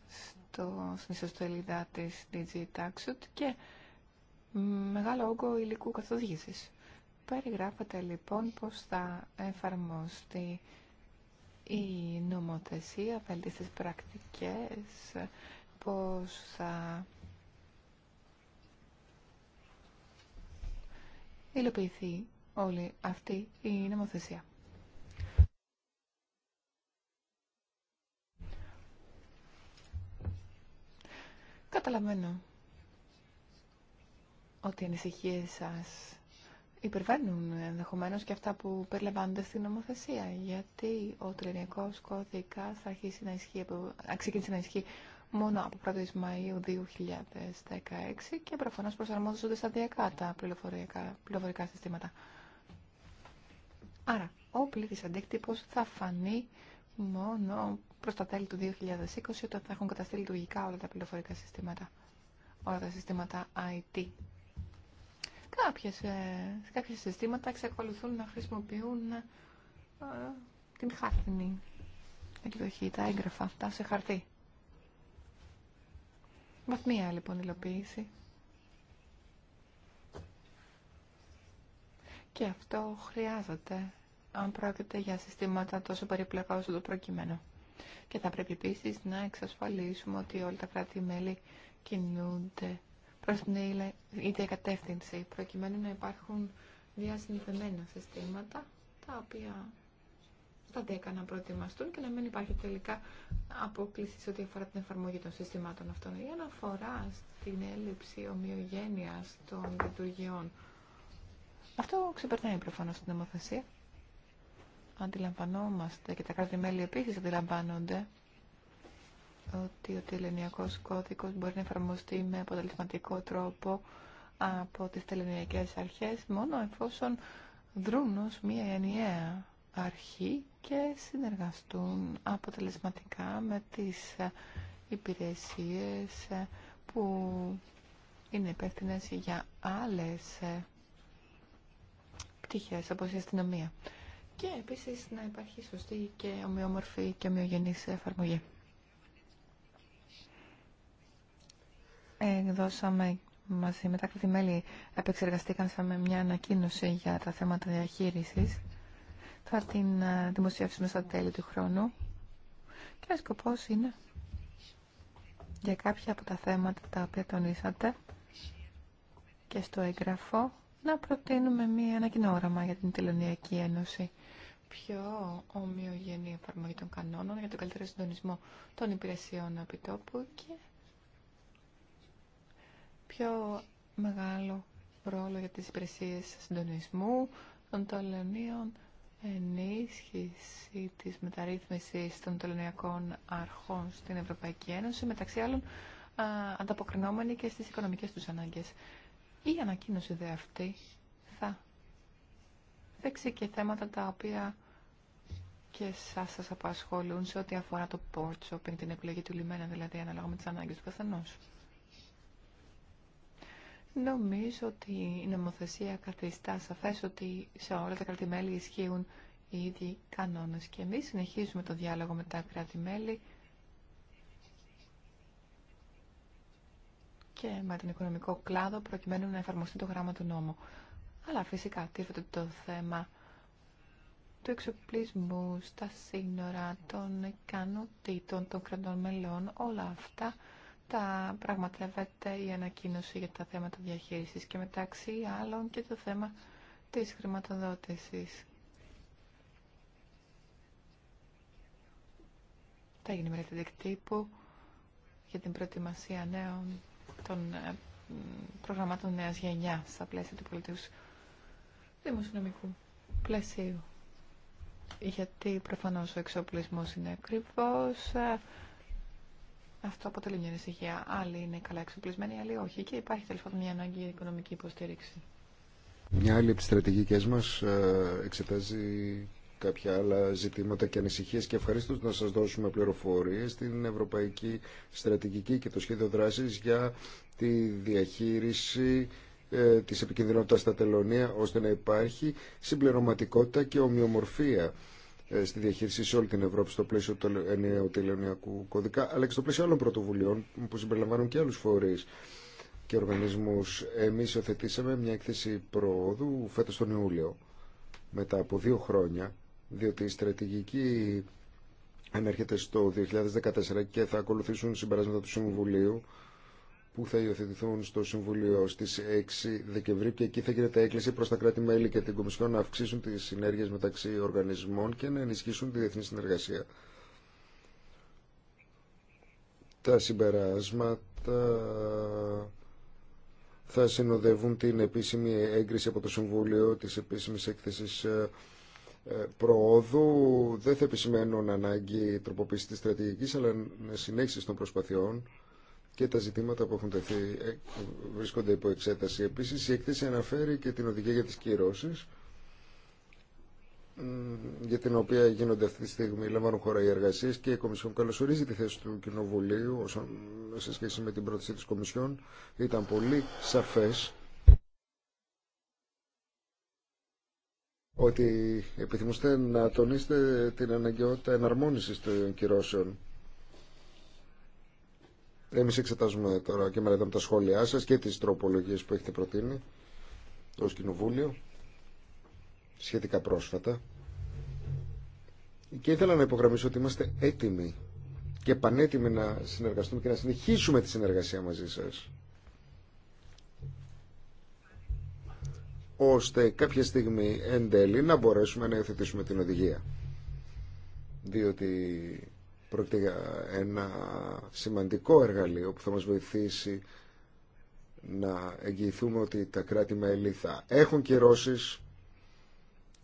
C: στο, στην ιστοσελίδα της DG Taxut και μεγάλο όγκο υλικού καθοδήγησης. Περιγράφεται λοιπόν πώς θα εφαρμοστεί η νομοθεσία, βέλτιστες πρακτικές, πώς θα υλοποιηθεί όλη αυτή η νομοθεσία. Καταλαβαίνω ότι οι ανησυχίε σας υπερβαίνουν ενδεχομένω και αυτά που περιλαμβάνονται στην νομοθεσία. Γιατί ο τρενικό κώδικα θα αρχίσει να ισχύει, ξεκίνησε να ισχύει μόνο από 1η Μαου 2016 και προφανώ προσαρμόζονται σταδιακά τα πληροφορικά, πληροφορικά συστήματα. Άρα, ο πλήρης αντίκτυπος θα φανεί μόνο προς τα τέλη του 2020 όταν θα έχουν καταστεί λειτουργικά όλα τα πληροφορικά συστήματα, όλα τα συστήματα IT. Κάποιες, ε, σε κάποια συστήματα εξακολουθούν να χρησιμοποιούν ε, την χάρτινη εκδοχή, τα έγγραφα αυτά σε χαρτί. Βαθμία λοιπόν υλοποίηση. Και αυτό χρειάζεται αν πρόκειται για συστήματα τόσο περιπλοκά όσο το προκειμένο. Και θα πρέπει επίση να εξασφαλίσουμε ότι όλα τα κράτη-μέλη κινούνται προς την ίδια κατεύθυνση, προκειμένου να υπάρχουν διασυνδεμένα συστήματα, τα οποία θα να προετοιμαστούν και να μην υπάρχει τελικά απόκληση σε ό,τι αφορά την εφαρμογή των συστημάτων αυτών. Η αναφορά στην έλλειψη ομοιογένειας των λειτουργιών αυτό ξεπερνάει προφανώ την νομοθεσία. Αντιλαμβανόμαστε και τα κράτη-μέλη επίση αντιλαμβάνονται ότι ο τελωνιακό κώδικο μπορεί να εφαρμοστεί με αποτελεσματικό τρόπο από τι τελωνιακέ αρχέ μόνο εφόσον δρούν ω μία ενιαία αρχή και συνεργαστούν αποτελεσματικά με τις υπηρεσίες που είναι υπεύθυνε για άλλες και επίσης να υπάρχει σωστή και ομοιόμορφη και ομοιογενή εφαρμογή. Εκδώσαμε μαζί με τα κρατημέλη, επεξεργαστήκαμε μια ανακοίνωση για τα θέματα διαχείρισης. Θα την ε, δημοσιεύσουμε στα τέλη του χρόνου. Και ο σκοπό είναι για κάποια από τα θέματα τα οποία τονίσατε και στο έγγραφο να προτείνουμε μία, ένα κοινό όραμα για την Τελωνιακή Ένωση. Πιο ομοιογενή εφαρμογή των κανόνων για τον καλύτερο συντονισμό των υπηρεσιών επιτόπου και πιο μεγάλο ρόλο για τις υπηρεσίες συντονισμού των τελωνίων ενίσχυση της μεταρρύθμισης των τελωνιακών αρχών στην Ευρωπαϊκή Ένωση, μεταξύ άλλων ανταποκρινόμενη και στις οικονομικές τους ανάγκες. Η ανακοίνωση δε αυτή θα δέξει και θέματα τα οποία και εσά σα απασχολούν σε ό,τι αφορά το port shopping, την επιλογή του λιμένα δηλαδή ανάλογα με τι ανάγκε του καθενό. Νομίζω ότι η νομοθεσία καθιστά σαφέ ότι σε όλα τα κράτη-μέλη ισχύουν οι ίδιοι κανόνε και εμεί συνεχίζουμε το διάλογο με τα κράτη-μέλη και με τον οικονομικό κλάδο προκειμένου να εφαρμοστεί το γράμμα του νόμου. Αλλά φυσικά τίθεται το θέμα του εξοπλισμού, στα σύνορα, των ικανοτήτων των κρατών μελών, όλα αυτά τα πραγματεύεται η ανακοίνωση για τα θέματα διαχείρισης και μεταξύ άλλων και το θέμα της χρηματοδότησης. Θα γίνει μελέτη δικτύπου για την προετοιμασία νέων των ε, προγραμμάτων νέα γενιά στα πλαίσια του πολιτικού δημοσιονομικού πλαισίου. Γιατί προφανώ ο εξοπλισμός είναι ακριβώ, ε, αυτό αποτελεί μια ανησυχία. Άλλοι είναι καλά εξοπλισμένοι, άλλοι όχι. Και υπάρχει τελικά μια ανάγκη για οικονομική υποστήριξη.
B: Μια άλλη από τι στρατηγικέ μα ε, εξετάζει κάποια άλλα ζητήματα και ανησυχίες και ευχαριστώ να σας δώσουμε πληροφορίες στην Ευρωπαϊκή Στρατηγική και το Σχέδιο Δράσης για τη διαχείριση ε, της επικινδυνότητας στα τελωνία ώστε να υπάρχει συμπληρωματικότητα και ομοιομορφία ε, στη διαχείριση σε όλη την Ευρώπη στο πλαίσιο του ενιαίου τελωνιακού κωδικά αλλά και στο πλαίσιο άλλων πρωτοβουλειών που συμπεριλαμβάνουν και άλλους φορείς και οργανισμούς. Εμείς οθετήσαμε μια έκθεση προόδου φέτος τον Ιούλιο μετά από δύο χρόνια διότι η στρατηγική ανέρχεται στο 2014 και θα ακολουθήσουν συμπεράσματα του Συμβουλίου που θα υιοθετηθούν στο Συμβουλίο στις 6 Δεκεμβρίου και εκεί θα γίνεται έκκληση προς τα κράτη-μέλη και την Κομισιόν να αυξήσουν τις συνέργειες μεταξύ οργανισμών και να ενισχύσουν τη διεθνή συνεργασία. Τα συμπεράσματα θα συνοδεύουν την επίσημη έγκριση από το Συμβούλιο της επίσημης έκθεσης ε, ε, προόδου δεν θα επισημαίνουν ανάγκη τροποποίηση της στρατηγικής αλλά συνέχιση των προσπαθειών και τα ζητήματα που έχουν τεθεί ε, βρίσκονται υπό εξέταση. Επίσης η έκθεση αναφέρει και την οδηγία για τις κυρώσεις για την οποία γίνονται αυτή τη στιγμή λαμβάνουν χώρα οι εργασίε και η Κομισιόν καλωσορίζει τη θέση του Κοινοβουλίου όσον, σε σχέση με την πρόταση της Κομισιόν. Ήταν πολύ σαφές ότι επιθυμούστε να τονίσετε την αναγκαιότητα εναρμόνισης των κυρώσεων. Εμείς εξετάζουμε τώρα και μελετάμε τα σχόλιά σας και τις τροπολογίες που έχετε προτείνει ως Κοινοβούλιο σχετικά πρόσφατα. Και ήθελα να υπογραμμίσω ότι είμαστε έτοιμοι και πανέτοιμοι να συνεργαστούμε και να συνεχίσουμε τη συνεργασία μαζί σας. ώστε κάποια στιγμή εν τέλει να μπορέσουμε να υιοθετήσουμε την οδηγία. Διότι πρόκειται για ένα σημαντικό εργαλείο που θα μας βοηθήσει να εγγυηθούμε ότι τα κράτη-μέλη θα έχουν κυρώσεις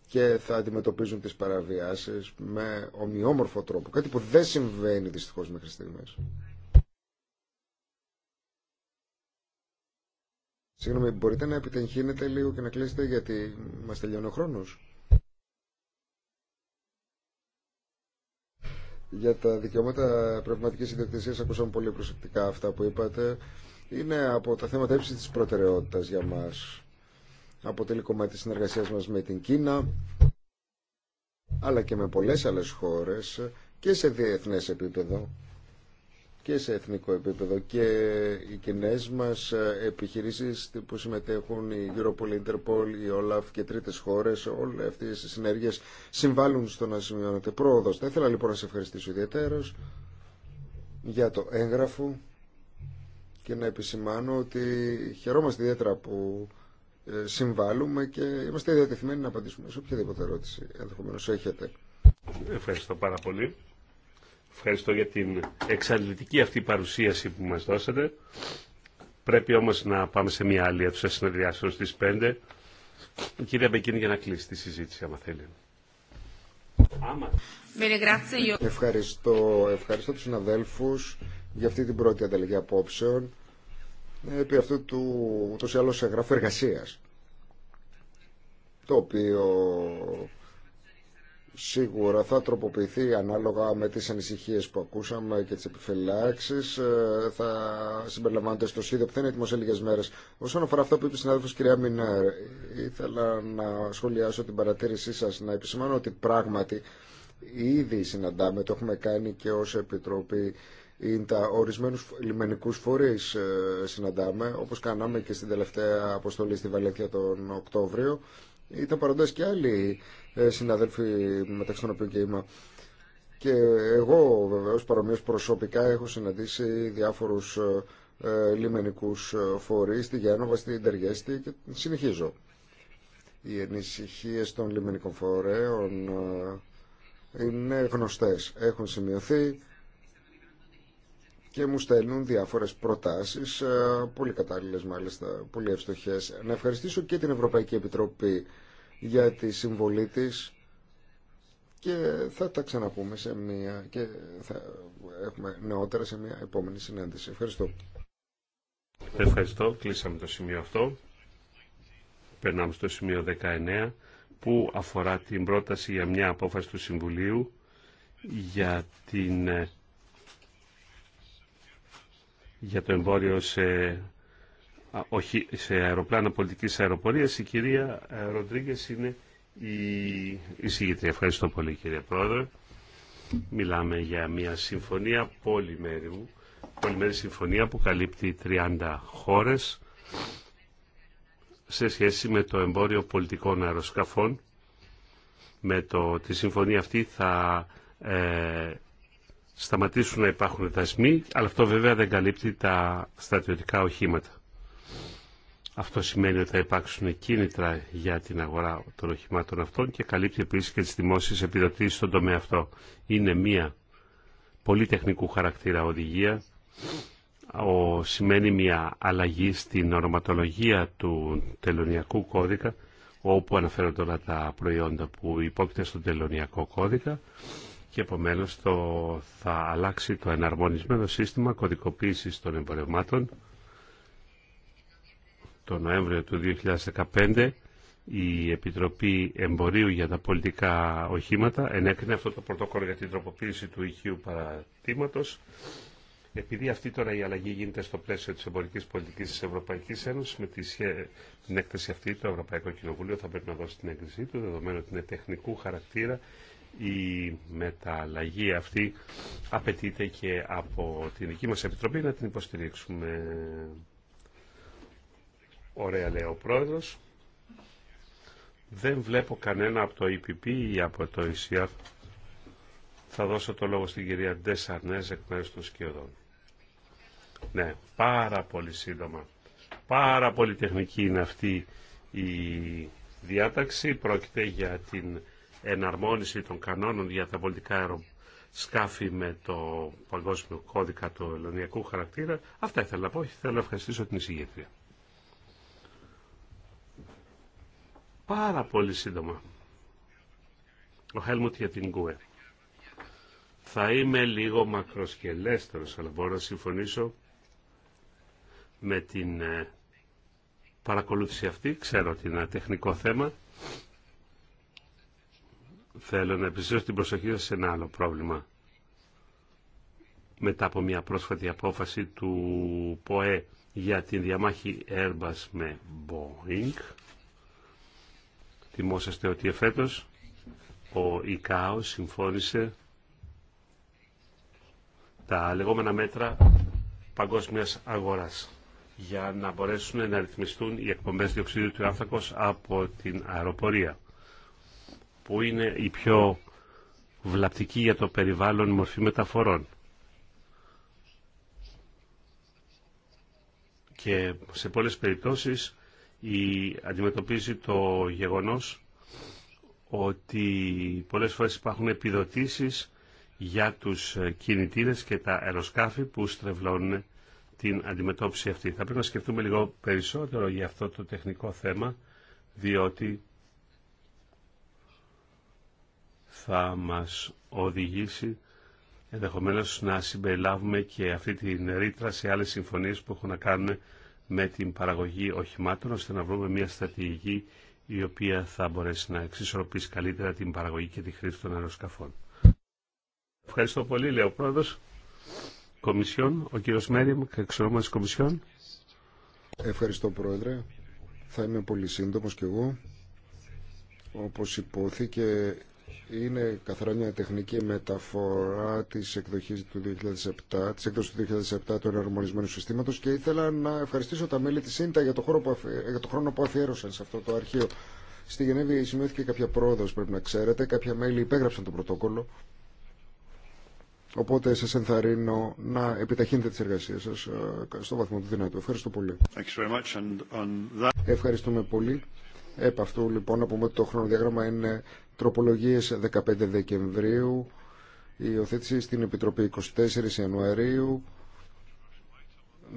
B: και θα αντιμετωπίζουν τις παραβιάσεις με ομοιόμορφο τρόπο. Κάτι που δεν συμβαίνει δυστυχώς μέχρι στιγμές. Συγγνώμη, μπορείτε να επιτεγχύνετε λίγο και να κλείσετε γιατί μας τελειώνει ο χρόνος. Για τα δικαιώματα πνευματικής ιδιοκτησίας ακούσαμε πολύ προσεκτικά αυτά που είπατε. Είναι από τα θέματα έψη της προτεραιότητας για μας. Αποτελεί κομμάτι της συνεργασίας μας με την Κίνα, αλλά και με πολλές άλλες χώρες και σε διεθνές επίπεδο και σε εθνικό επίπεδο και οι κοινέ μα ε, επιχειρήσεις που συμμετέχουν η Europol, η Interpol, η OLAF και τρίτες χώρες όλες αυτές οι συνέργειες συμβάλλουν στο να σημειώνεται πρόοδος θα ήθελα λοιπόν να σε ευχαριστήσω ιδιαίτερος για το έγγραφο και να επισημάνω ότι χαιρόμαστε ιδιαίτερα που ε, συμβάλλουμε και είμαστε διατεθειμένοι να απαντήσουμε σε οποιαδήποτε ερώτηση ενδεχομένω έχετε.
A: Ευχαριστώ πάρα πολύ. Ευχαριστώ για την εξαντλητική αυτή παρουσίαση που μας δώσατε. Πρέπει όμως να πάμε σε μια άλλη αίθουσα συνεδριάσεων στις 5.
B: Η κυρία Μπεκίνη για να κλείσει τη συζήτηση, άμα θέλει. Ευχαριστώ, ευχαριστώ τους συναδέλφους για αυτή την πρώτη ανταλλαγή απόψεων επί αυτού του ούτως ή άλλως εργασίας το οποίο σίγουρα θα τροποποιηθεί ανάλογα με τις ανησυχίες που ακούσαμε και τις επιφυλάξεις. Ε, θα συμπεριλαμβάνονται στο σχέδιο που θα είναι έτοιμο σε λίγες μέρες. Όσον αφορά αυτό που είπε η συνάδελφος κυρία Μινέρ, ήθελα να σχολιάσω την παρατήρησή σας, να επισημάνω ότι πράγματι ήδη συναντάμε, το έχουμε κάνει και ως Επιτροπή, είναι τα ορισμένους λιμενικούς φορείς ε, συναντάμε, όπως κάναμε και στην τελευταία αποστολή στη Βαλένθια τον Οκτώβριο ήταν παροντές και άλλοι ε, συναδέλφοι μεταξύ των οποίων και είμαι. Και εγώ βεβαίω, παρομοίω προσωπικά έχω συναντήσει διάφορους ε, ε, λιμενικούς φορεί στη Γένοβα, στην Τεργέστη και συνεχίζω. Οι ενησυχίε των λιμενικών φορέων είναι γνωστέ. Έχουν σημειωθεί και μου στέλνουν διάφορες προτάσεις, ε, πολύ κατάλληλες μάλιστα, πολύ ευστοχές. Να ευχαριστήσω και την Ευρωπαϊκή Επιτροπή για τη συμβολή της και θα τα ξαναπούμε σε μια και θα έχουμε νεότερα σε μια επόμενη συνάντηση. Ευχαριστώ.
A: Ευχαριστώ. Κλείσαμε το σημείο αυτό. Περνάμε στο σημείο 19 που αφορά την πρόταση για μια απόφαση του Συμβουλίου για την ε, για το εμπόριο σε, όχι, σε αεροπλάνα πολιτικής αεροπορίας. Η κυρία ε, Ροντρίγκε είναι η εισηγήτρια. Ευχαριστώ πολύ κύριε Πρόεδρε. Μιλάμε για μια συμφωνία πολυμέριου, πολυμέρη συμφωνία που καλύπτει 30 χώρες σε σχέση με το εμπόριο πολιτικών αεροσκαφών. Με το, τη συμφωνία αυτή θα ε, σταματήσουν να υπάρχουν δασμοί, αλλά αυτό βέβαια δεν καλύπτει τα στρατιωτικά οχήματα. Αυτό σημαίνει ότι θα υπάρξουν κίνητρα για την αγορά των οχημάτων αυτών και καλύπτει επίσης και τις δημόσιες επιδοτήσεις στον τομέα αυτό. Είναι μία πολύ τεχνικού χαρακτήρα οδηγία, ο, σημαίνει μια αλλαγή στην ονοματολογία του τελωνιακού κώδικα, όπου αναφέρονται όλα τα προϊόντα που υπόκειται στον τελωνιακό κώδικα και επομένως το θα αλλάξει το εναρμονισμένο σύστημα κωδικοποίησης των εμπορευμάτων. Το Νοέμβριο του 2015 η Επιτροπή Εμπορίου για τα Πολιτικά Οχήματα ενέκρινε αυτό το πρωτόκολλο για την τροποποίηση του ηχείου παρατήματος. Επειδή αυτή τώρα η αλλαγή γίνεται στο πλαίσιο της εμπορικής πολιτικής της Ευρωπαϊκής Ένωσης, με την έκθεση αυτή το Ευρωπαϊκό Κοινοβούλιο θα πρέπει να δώσει την έγκρισή του, δεδομένου ότι είναι τεχνικού χαρακτήρα η μεταλλαγή αυτή απαιτείται και από την δική μας Επιτροπή να την υποστηρίξουμε. Ωραία λέει ο Πρόεδρος. Δεν βλέπω κανένα από το EPP ή από το ECR. Θα δώσω το λόγο στην κυρία Ντεσαρνέζ εκ μέρους των Σκιωδών. Ναι, πάρα πολύ σύντομα. Πάρα πολύ τεχνική είναι αυτή η διάταξη. Πρόκειται για την εναρμόνιση των κανόνων για τα πολιτικά αεροσκάφη με το παγκόσμιο κώδικα του ελληνικού χαρακτήρα. Αυτά ήθελα να πω. Θέλω να ευχαριστήσω την εισηγήτρια. Πάρα πολύ σύντομα. Ο Χέλμουτ για την Γκουέ. Θα είμαι λίγο μακροσκελέστερος, αλλά μπορώ να συμφωνήσω με την ε, παρακολούθηση αυτή. Ξέρω ότι είναι ένα τεχνικό θέμα Θέλω να επιστρέψω την προσοχή σας σε ένα άλλο πρόβλημα. Μετά από μια πρόσφατη απόφαση του ΠΟΕ για τη διαμάχη Airbus με Boeing, θυμόσαστε ότι εφέτος ο ΙΚΑΟ συμφώνησε τα λεγόμενα μέτρα παγκόσμιας αγοράς για να μπορέσουν να ρυθμιστούν οι εκπομπές διοξιδίου του άνθρακος από την αεροπορία που είναι η πιο βλαπτική για το περιβάλλον μορφή μεταφορών. Και σε πολλές περιπτώσεις η, αντιμετωπίζει το γεγονός ότι πολλές φορές υπάρχουν επιδοτήσεις για τους κινητήρες και τα αεροσκάφη που στρεβλώνουν την αντιμετώπιση αυτή. Θα πρέπει να σκεφτούμε λίγο περισσότερο για αυτό το τεχνικό θέμα, διότι θα μας οδηγήσει ενδεχομένως να συμπεριλάβουμε και αυτή την ρήτρα σε άλλες συμφωνίες που έχουν να κάνουν με την παραγωγή οχημάτων, ώστε να βρούμε μια στρατηγική η οποία θα μπορέσει να εξισορροπήσει καλύτερα την παραγωγή και τη χρήση των αεροσκαφών. Ευχαριστώ πολύ, λέει ο πρόεδρος.
B: Κομισιόν, ο κύριος Μέριμ, Κομισιόν. Ευχαριστώ, πρόεδρε. Θα είμαι πολύ σύντομο κι εγώ. Όπω υπόθηκε, είναι καθαρά μια τεχνική μεταφορά τη εκδοχής του 2007, της έκδοσης του 2007 του εναρμονισμένου συστήματος και ήθελα να ευχαριστήσω τα μέλη τη ΣΥΝΤΑ για το, για το χρόνο που αφιέρωσαν σε αυτό το αρχείο. Στη Γενέβη σημειώθηκε κάποια πρόοδο, πρέπει να ξέρετε, κάποια μέλη υπέγραψαν το πρωτόκολλο. Οπότε σα ενθαρρύνω να επιταχύνετε τις εργασίες σα ε, στο βαθμό του δυνατού. Ευχαριστώ πολύ. That... Ευχαριστούμε πολύ. Επ' αυτού λοιπόν να πούμε ότι το χρονοδιάγραμμα είναι Τροπολογίες 15 Δεκεμβρίου, η υιοθέτηση στην Επιτροπή 24 Ιανουαρίου.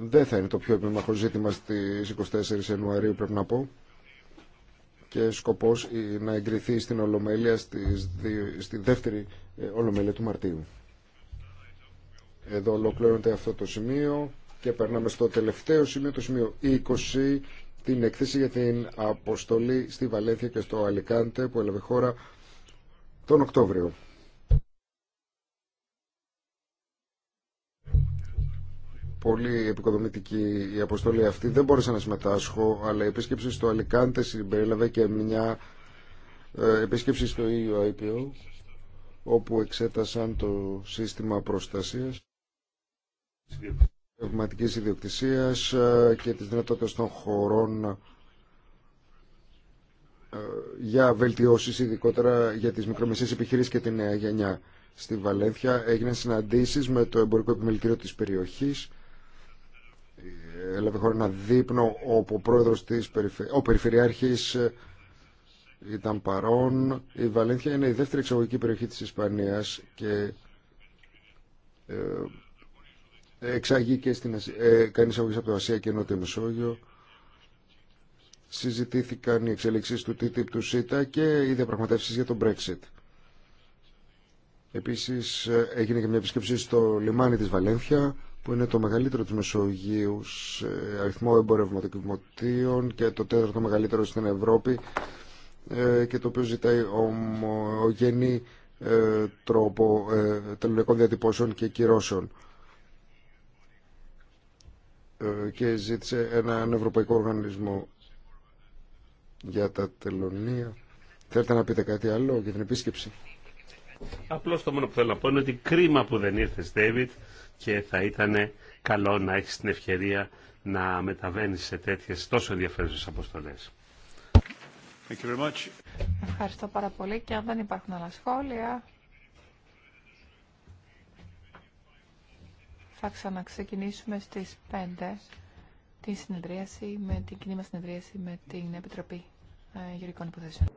B: Δεν θα είναι το πιο επιμαχό ζήτημα στις 24 Ιανουαρίου πρέπει να πω και σκοπός να εγκριθεί στην Ολομέλεια στη δεύτερη ε, Ολομέλεια του Μαρτίου. Εδώ ολοκληρώνεται αυτό το σημείο και περνάμε στο τελευταίο σημείο, το σημείο 20, την εκθέση για την αποστολή στη Βαλένθια και στο Αλικάντε που έλαβε χώρα τον Οκτώβριο. πολύ επικοδομητική η αποστολή αυτή. Δεν μπόρεσα να συμμετάσχω, αλλά η επίσκεψη στο Αλικάντε συμπερίλαβε και μια ε, επίσκεψη στο EU όπου εξέτασαν το σύστημα προστασίας πνευματικής ιδιοκτησίας ε, και τις δυνατότητες των χωρών ε, για βελτιώσεις ειδικότερα για τις μικρομεσαίες επιχειρήσεις και τη νέα γενιά. Στη Βαλένθια έγιναν συναντήσεις με το εμπορικό επιμελητήριο της περιοχής. Έλαβε χώρα ένα δείπνο όπου ο πρόεδρος της ο περιφερειάρχης ε, ήταν παρόν. Η Βαλένθια είναι η δεύτερη εξαγωγική περιοχή της Ισπανίας και ε, εξαγεί και ε, κάνει από το Ασία και Νότιο Μεσόγειο συζητήθηκαν οι εξελίξεις του TTIP του ΣΥΤΑ και οι διαπραγματεύσεις για τον Brexit. Επίσης έγινε και μια επισκέψη στο λιμάνι της Βαλένθια που είναι το μεγαλύτερο της Μεσογείου σε αριθμό εμπορευματοκιβωτίων και το τέταρτο μεγαλύτερο στην Ευρώπη ε, και το οποίο ζητάει ομογενή ε, τρόπο ε, τελευταίων διατυπώσεων και κυρώσεων και ζήτησε έναν ευρωπαϊκό οργανισμό για τα τελωνία. Θέλετε να πείτε κάτι άλλο για την επίσκεψη.
A: Απλώς το μόνο που θέλω να πω είναι ότι κρίμα που δεν ήρθες, David, και θα ήταν καλό να έχεις την ευκαιρία να μεταβαίνεις σε τέτοιες τόσο ενδιαφέρουσες αποστολές. very much.
C: Ευχαριστώ πάρα πολύ και αν δεν υπάρχουν άλλα σχόλια θα ξαναξεκινήσουμε στις 5 την συνεδρίαση με την κοινή μας συνεδρίαση με την Επιτροπή ε, γεωργικών υποθέσεων.